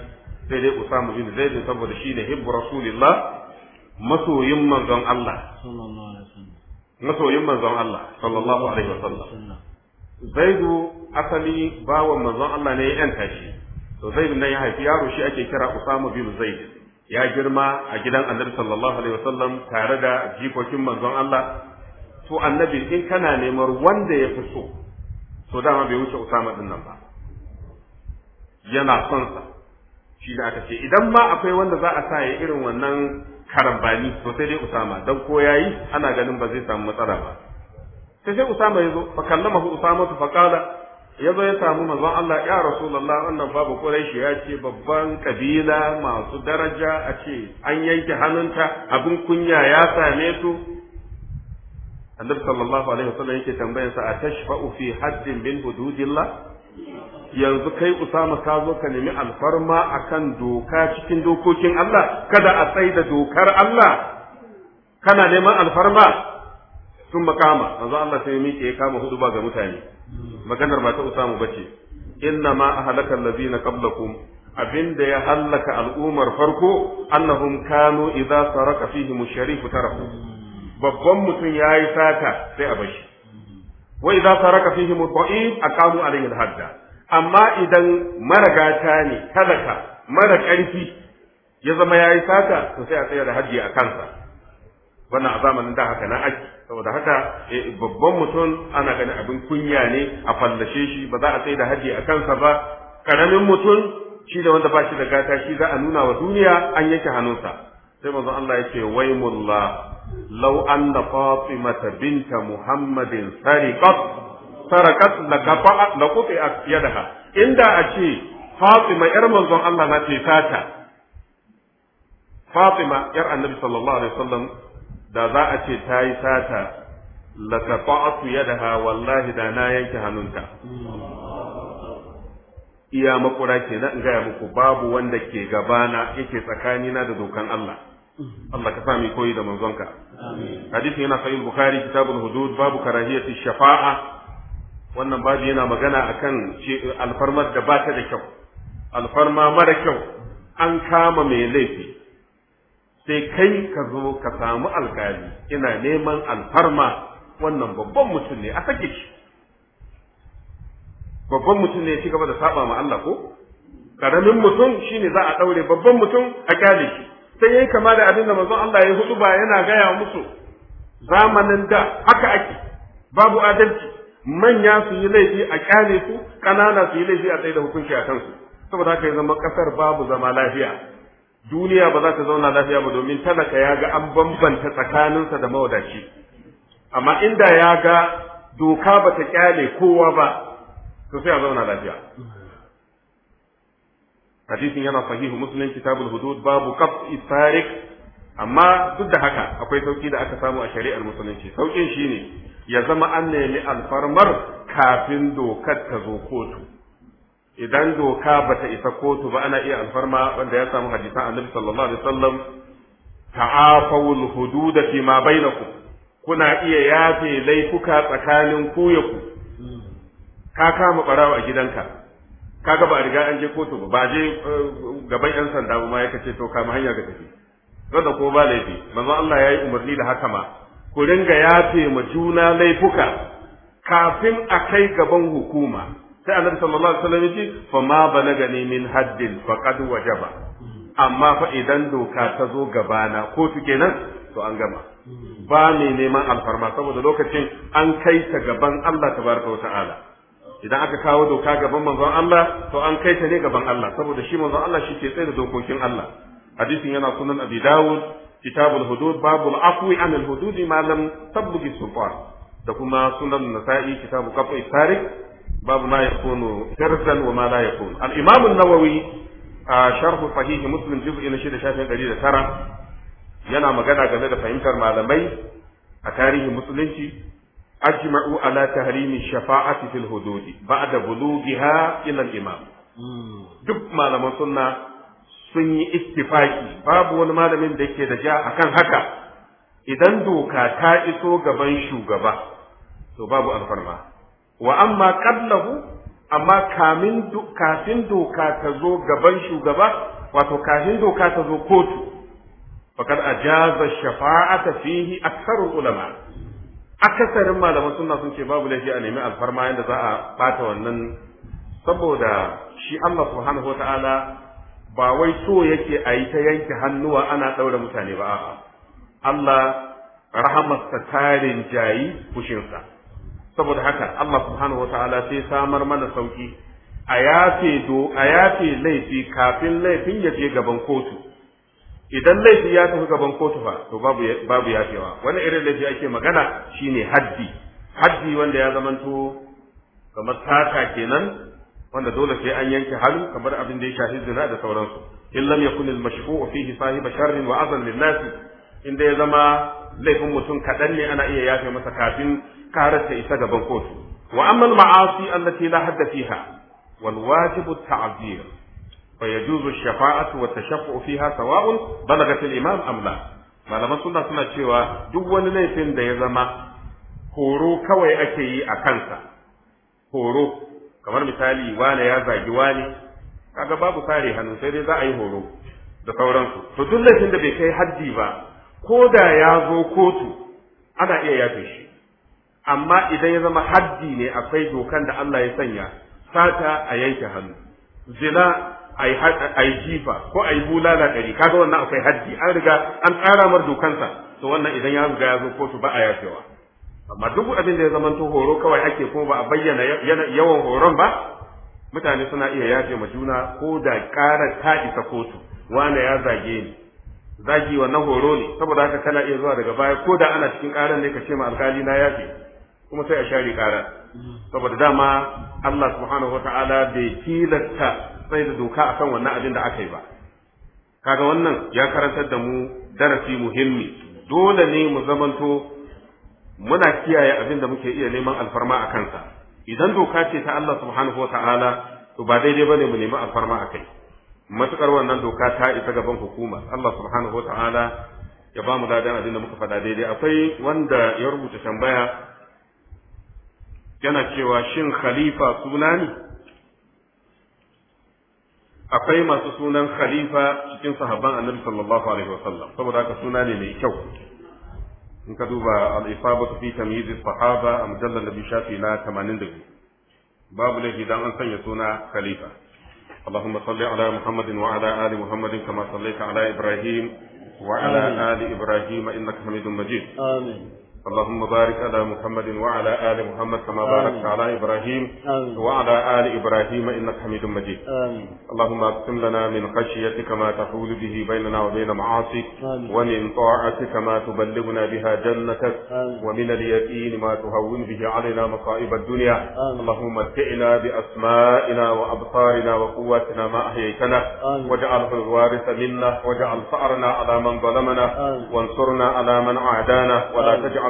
sai dai Usama bin Zaid saboda shi ne hibbu Rasulillah masoyin manzon Allah masoyin manzon Allah sallallahu alaihi wasallam Zaidu asali bawan manzon Allah ne ya yanta shi to Zaidu nan ya haifi yaro shi ake kira Usama bin Zaid ya girma a gidan Annabi sallallahu alaihi wasallam tare da jikokin manzon Allah to Annabi in kana neman wanda ya fi so to dama bai wuce Usama din nan ba yana son sa shi da aka ce idan ma akwai wanda za a sa ya irin wannan karambani to sai dai Usama dan ko yayi ana ganin ba zai samu matsala ba sai sai Usama yazo fa kallamahu Usama fa qala yazo ya samu manzon Allah ya Rasulullah wannan babu Quraishi ya ce babban kabila masu daraja a ce an yanke hannunta abin kunya ya same su Annabi sallallahu alaihi wasallam yake tambayar sa atashfa'u fi haddin min hududillah yanzu kai Usama ka zo ka nemi alfarma akan doka cikin dokokin Allah kada a tsai da dokar Allah kana neman alfarma sun makama manzo Allah sai miƙe ya kama hudu ba ga mutane maganar ba ta Usama bace inna ma ahlaka allazina qablakum abinda ya hallaka al'ummar farko annahum kanu idza saraka fihi musharifu tarafu babban mutum yayi sata sai a bashi wa idza saraka fihi muta'ib aqamu alayhi al-hadda amma idan mara gata ne talaka mara ƙarfi ya zama ya yi sata to sai a tsaya da hajji a kansa wannan a zamanin da haka na aiki saboda haka eh, babban mutum ana ganin abin kunya ne a fallashe shi ba za a tsaya da hajji a kansa ba karamin mutum shi da wanda ba shi da gata shi za a nuna wa duniya an yanke hannunsa sai manzon Allah ya ce wai waimullah law anna mata binta muhammadin sariqat tarakat la kafa la quti yadaha inda a ce Fatima yar manzon Allah na ce sata Fatima yar Annabi sallallahu alaihi wasallam da za a ce ta yi sata la qata'tu yadaha wallahi da na yanke hannunta iya makura kenan in gaya muku babu wanda ke gabana yake tsakani na da dokan Allah Allah ka sami koyi da manzonka Amin. hadisi yana sahih bukhari kitabul hudud babu karahiyati shafa'a wannan babu yana magana a kan alfarmar da ba ta da kyau alfarma mara kyau an kama mai laifi sai kai ka zo ka samu alkali ina neman alfarma wannan babban mutum ne a sake shi babban mutum ne ya ci gaba da saba ma Allah ko karamin mutum shine za a daure babban mutum a kyale shi sai yayi kama da abin da manzon Allah ya hudu ba yana gaya musu zamanin da haka ake babu adalci manya su yi laifi a kyale su ƙanana su yi laifi a tsaye da hukunci a kansu saboda haka ya zama ƙasar babu zama lafiya duniya ba za ta zauna lafiya ba domin talaka ya ga an bambanta tsakaninsa da mawadaci amma inda ya ga doka ba ta kyale kowa ba to sai a zauna lafiya hadisin yana sahihu muslim kitabul hudud babu qat isarik amma duk da haka akwai sauki da aka samu a shari'ar musulunci saukin shine ya zama an nemi alfarmar kafin dokar ta zo kotu idan doka ba ta isa kotu ba ana iya alfarma wanda ya samu hadisan annabi sallallahu alaihi wasallam ta'afawul hudud fi ma bainakum kuna iya yafe laifuka tsakanin ku ku ka kama barawa a gidanka kaga ba riga an je kotu ba ba je eh, gaban yan sanda ba ma ya kace to kama hanya ga tafi wanda ko ba laifi manzo Allah yayi umarni da haka ma ku ringa yafe ma juna laifuka kafin a kai gaban hukuma sai annabi sallallahu alaihi wasallam yace fa ma balagani min haddin faqad wajaba amma fa idan doka ta zo gabana ko su kenan to an gama ba mai neman alfarma saboda lokacin an kai ta gaban Allah tabaraka ta'ala idan aka kawo doka gaban manzon Allah to an kai ta ne gaban Allah saboda shi manzon Allah shi ke tsaye da dokokin Allah hadisin yana sunan Abi Dawud kitabul hudud babu afwi anil hudud ma lam tablugi sultan da kuma sunan nasa'i kitabu qat'i tariq babu ma yakunu jarzan wa ma la yakunu al imam an-nawawi a sharhu sahih muslim juz'i na 6 shafin 109 yana magana game da fahimtar malamai a tarihin musulunci ajma'u ala tahrimi shafa'ati fil hudud da bulugi ila al imam hmm. duk malaman sunna sun yi istifaki babu wani malamin da yake da ja akan haka idan doka ta iso gaban shugaba to babu alfarma wa amma qablahu amma kafin doka ta zo gaban shugaba wato kafin doka ta zo kotu faqad ajaza shafa'ata fihi aktsaru ulama akasarin malaman sunna sun ce babu laifi a nemi alfarma yadda za a bata wannan saboda shi Allah subhanahu wa ta'ala ba wai so yake a yi ta yanke hannuwa ana ɗaura mutane ba a'a Allah rahamarsa tarin jayi fushinsa saboda haka Allah subhanahu wataala sai samar mana sauki a yafe do a yafe laifi kafin laifin ya je gaban kotu idan laifi ya tafi gaban kotu fa to babu babu yafewa wani irin laifi ake magana shine haddi haddi wanda ya zamanto kamar sata kenan wanda dole sai an yanke hannu kamar abin da ya shafi zina da sauransu in lam yakun al mashfu'u fihi sahiba sharrin wa azan lin nasi inda ya zama laifin mutum kaɗan ne ana iya yafe masa kafin karar ta isa gaban kotu wa amma al ma'asi allati la hadda fiha wal wajibu ta'zir fa yajuzu shafa'atu wa tashaffa'u fiha sawa'un balagat al imam am la malaman sunna suna cewa duk wani laifin da ya zama horo kawai ake yi a kansa horo kamar misali wane ya zagi wane kaga babu kare hannu sai dai za a yi horo da sauransu to duk laifin da bai kai haddi ba ko da ya zo kotu ana iya yafe shi amma idan ya zama haddi ne akwai dokan da Allah ya sanya sata a yanke hannu zina a yi jifa ko a yi bulala ɗari kaga wannan akwai haddi an riga an tsara mar dokansa to wannan idan ya riga ya zo kotu ba a yafewa amma duk abin da ya zamanto horo kawai ake kuma ba a bayyana yawan horon ba mutane suna iya yafe ma juna ko da ƙara ta isa kotu wane ya zage ni zagi wannan horo ne saboda haka kana iya zuwa daga baya ko da ana cikin ƙaran ne ka ce ma alkali na yafe kuma sai a share ƙaran saboda dama Allah subhanahu wata'ala bai tilasta sai da doka akan wannan abin da aka yi ba kaga wannan ya karantar da mu darasi muhimmi dole ne mu zamanto muna kiyaye abin da muke iya neman alfarma a kansa idan doka ce ta Allah subhanahu wataala to ba daidai bane mu nemi alfarma a kai matukar wannan doka ta isa gaban hukuma Allah subhanahu wataala ya ba mu ladan abin da muka faɗa daidai akwai wanda ya rubuta tambaya yana cewa shin khalifa suna ne akwai masu sunan khalifa cikin sahabban annabi sallallahu alaihi wasallam saboda haka suna ne mai kyau in ka duba al-isabatu fi tamyiz as-sahaba a mujallar nabi shafi na biyu babu laifi dan an sanya suna khalifa اللهم صل على محمد وعلى آل محمد كما صليت على إبراهيم وعلى آمين. آل إبراهيم إنك حميد مجيد آمين اللهم بارك على محمد وعلى آل محمد كما باركت على إبراهيم وعلى آل إبراهيم إنك حميد مجيد اللهم اقسم لنا من خشيتك ما تحول به بيننا وبين معاصيك ومن طاعتك ما تبلغنا بها جنتك ومن اليقين ما تهون به علينا مصائب الدنيا اللهم متعنا بأسمائنا وأبصارنا وقواتنا ما أحييتنا واجعله الوارث منا واجعل ثأرنا على من ظلمنا وانصرنا على من عادانا ولا تجعل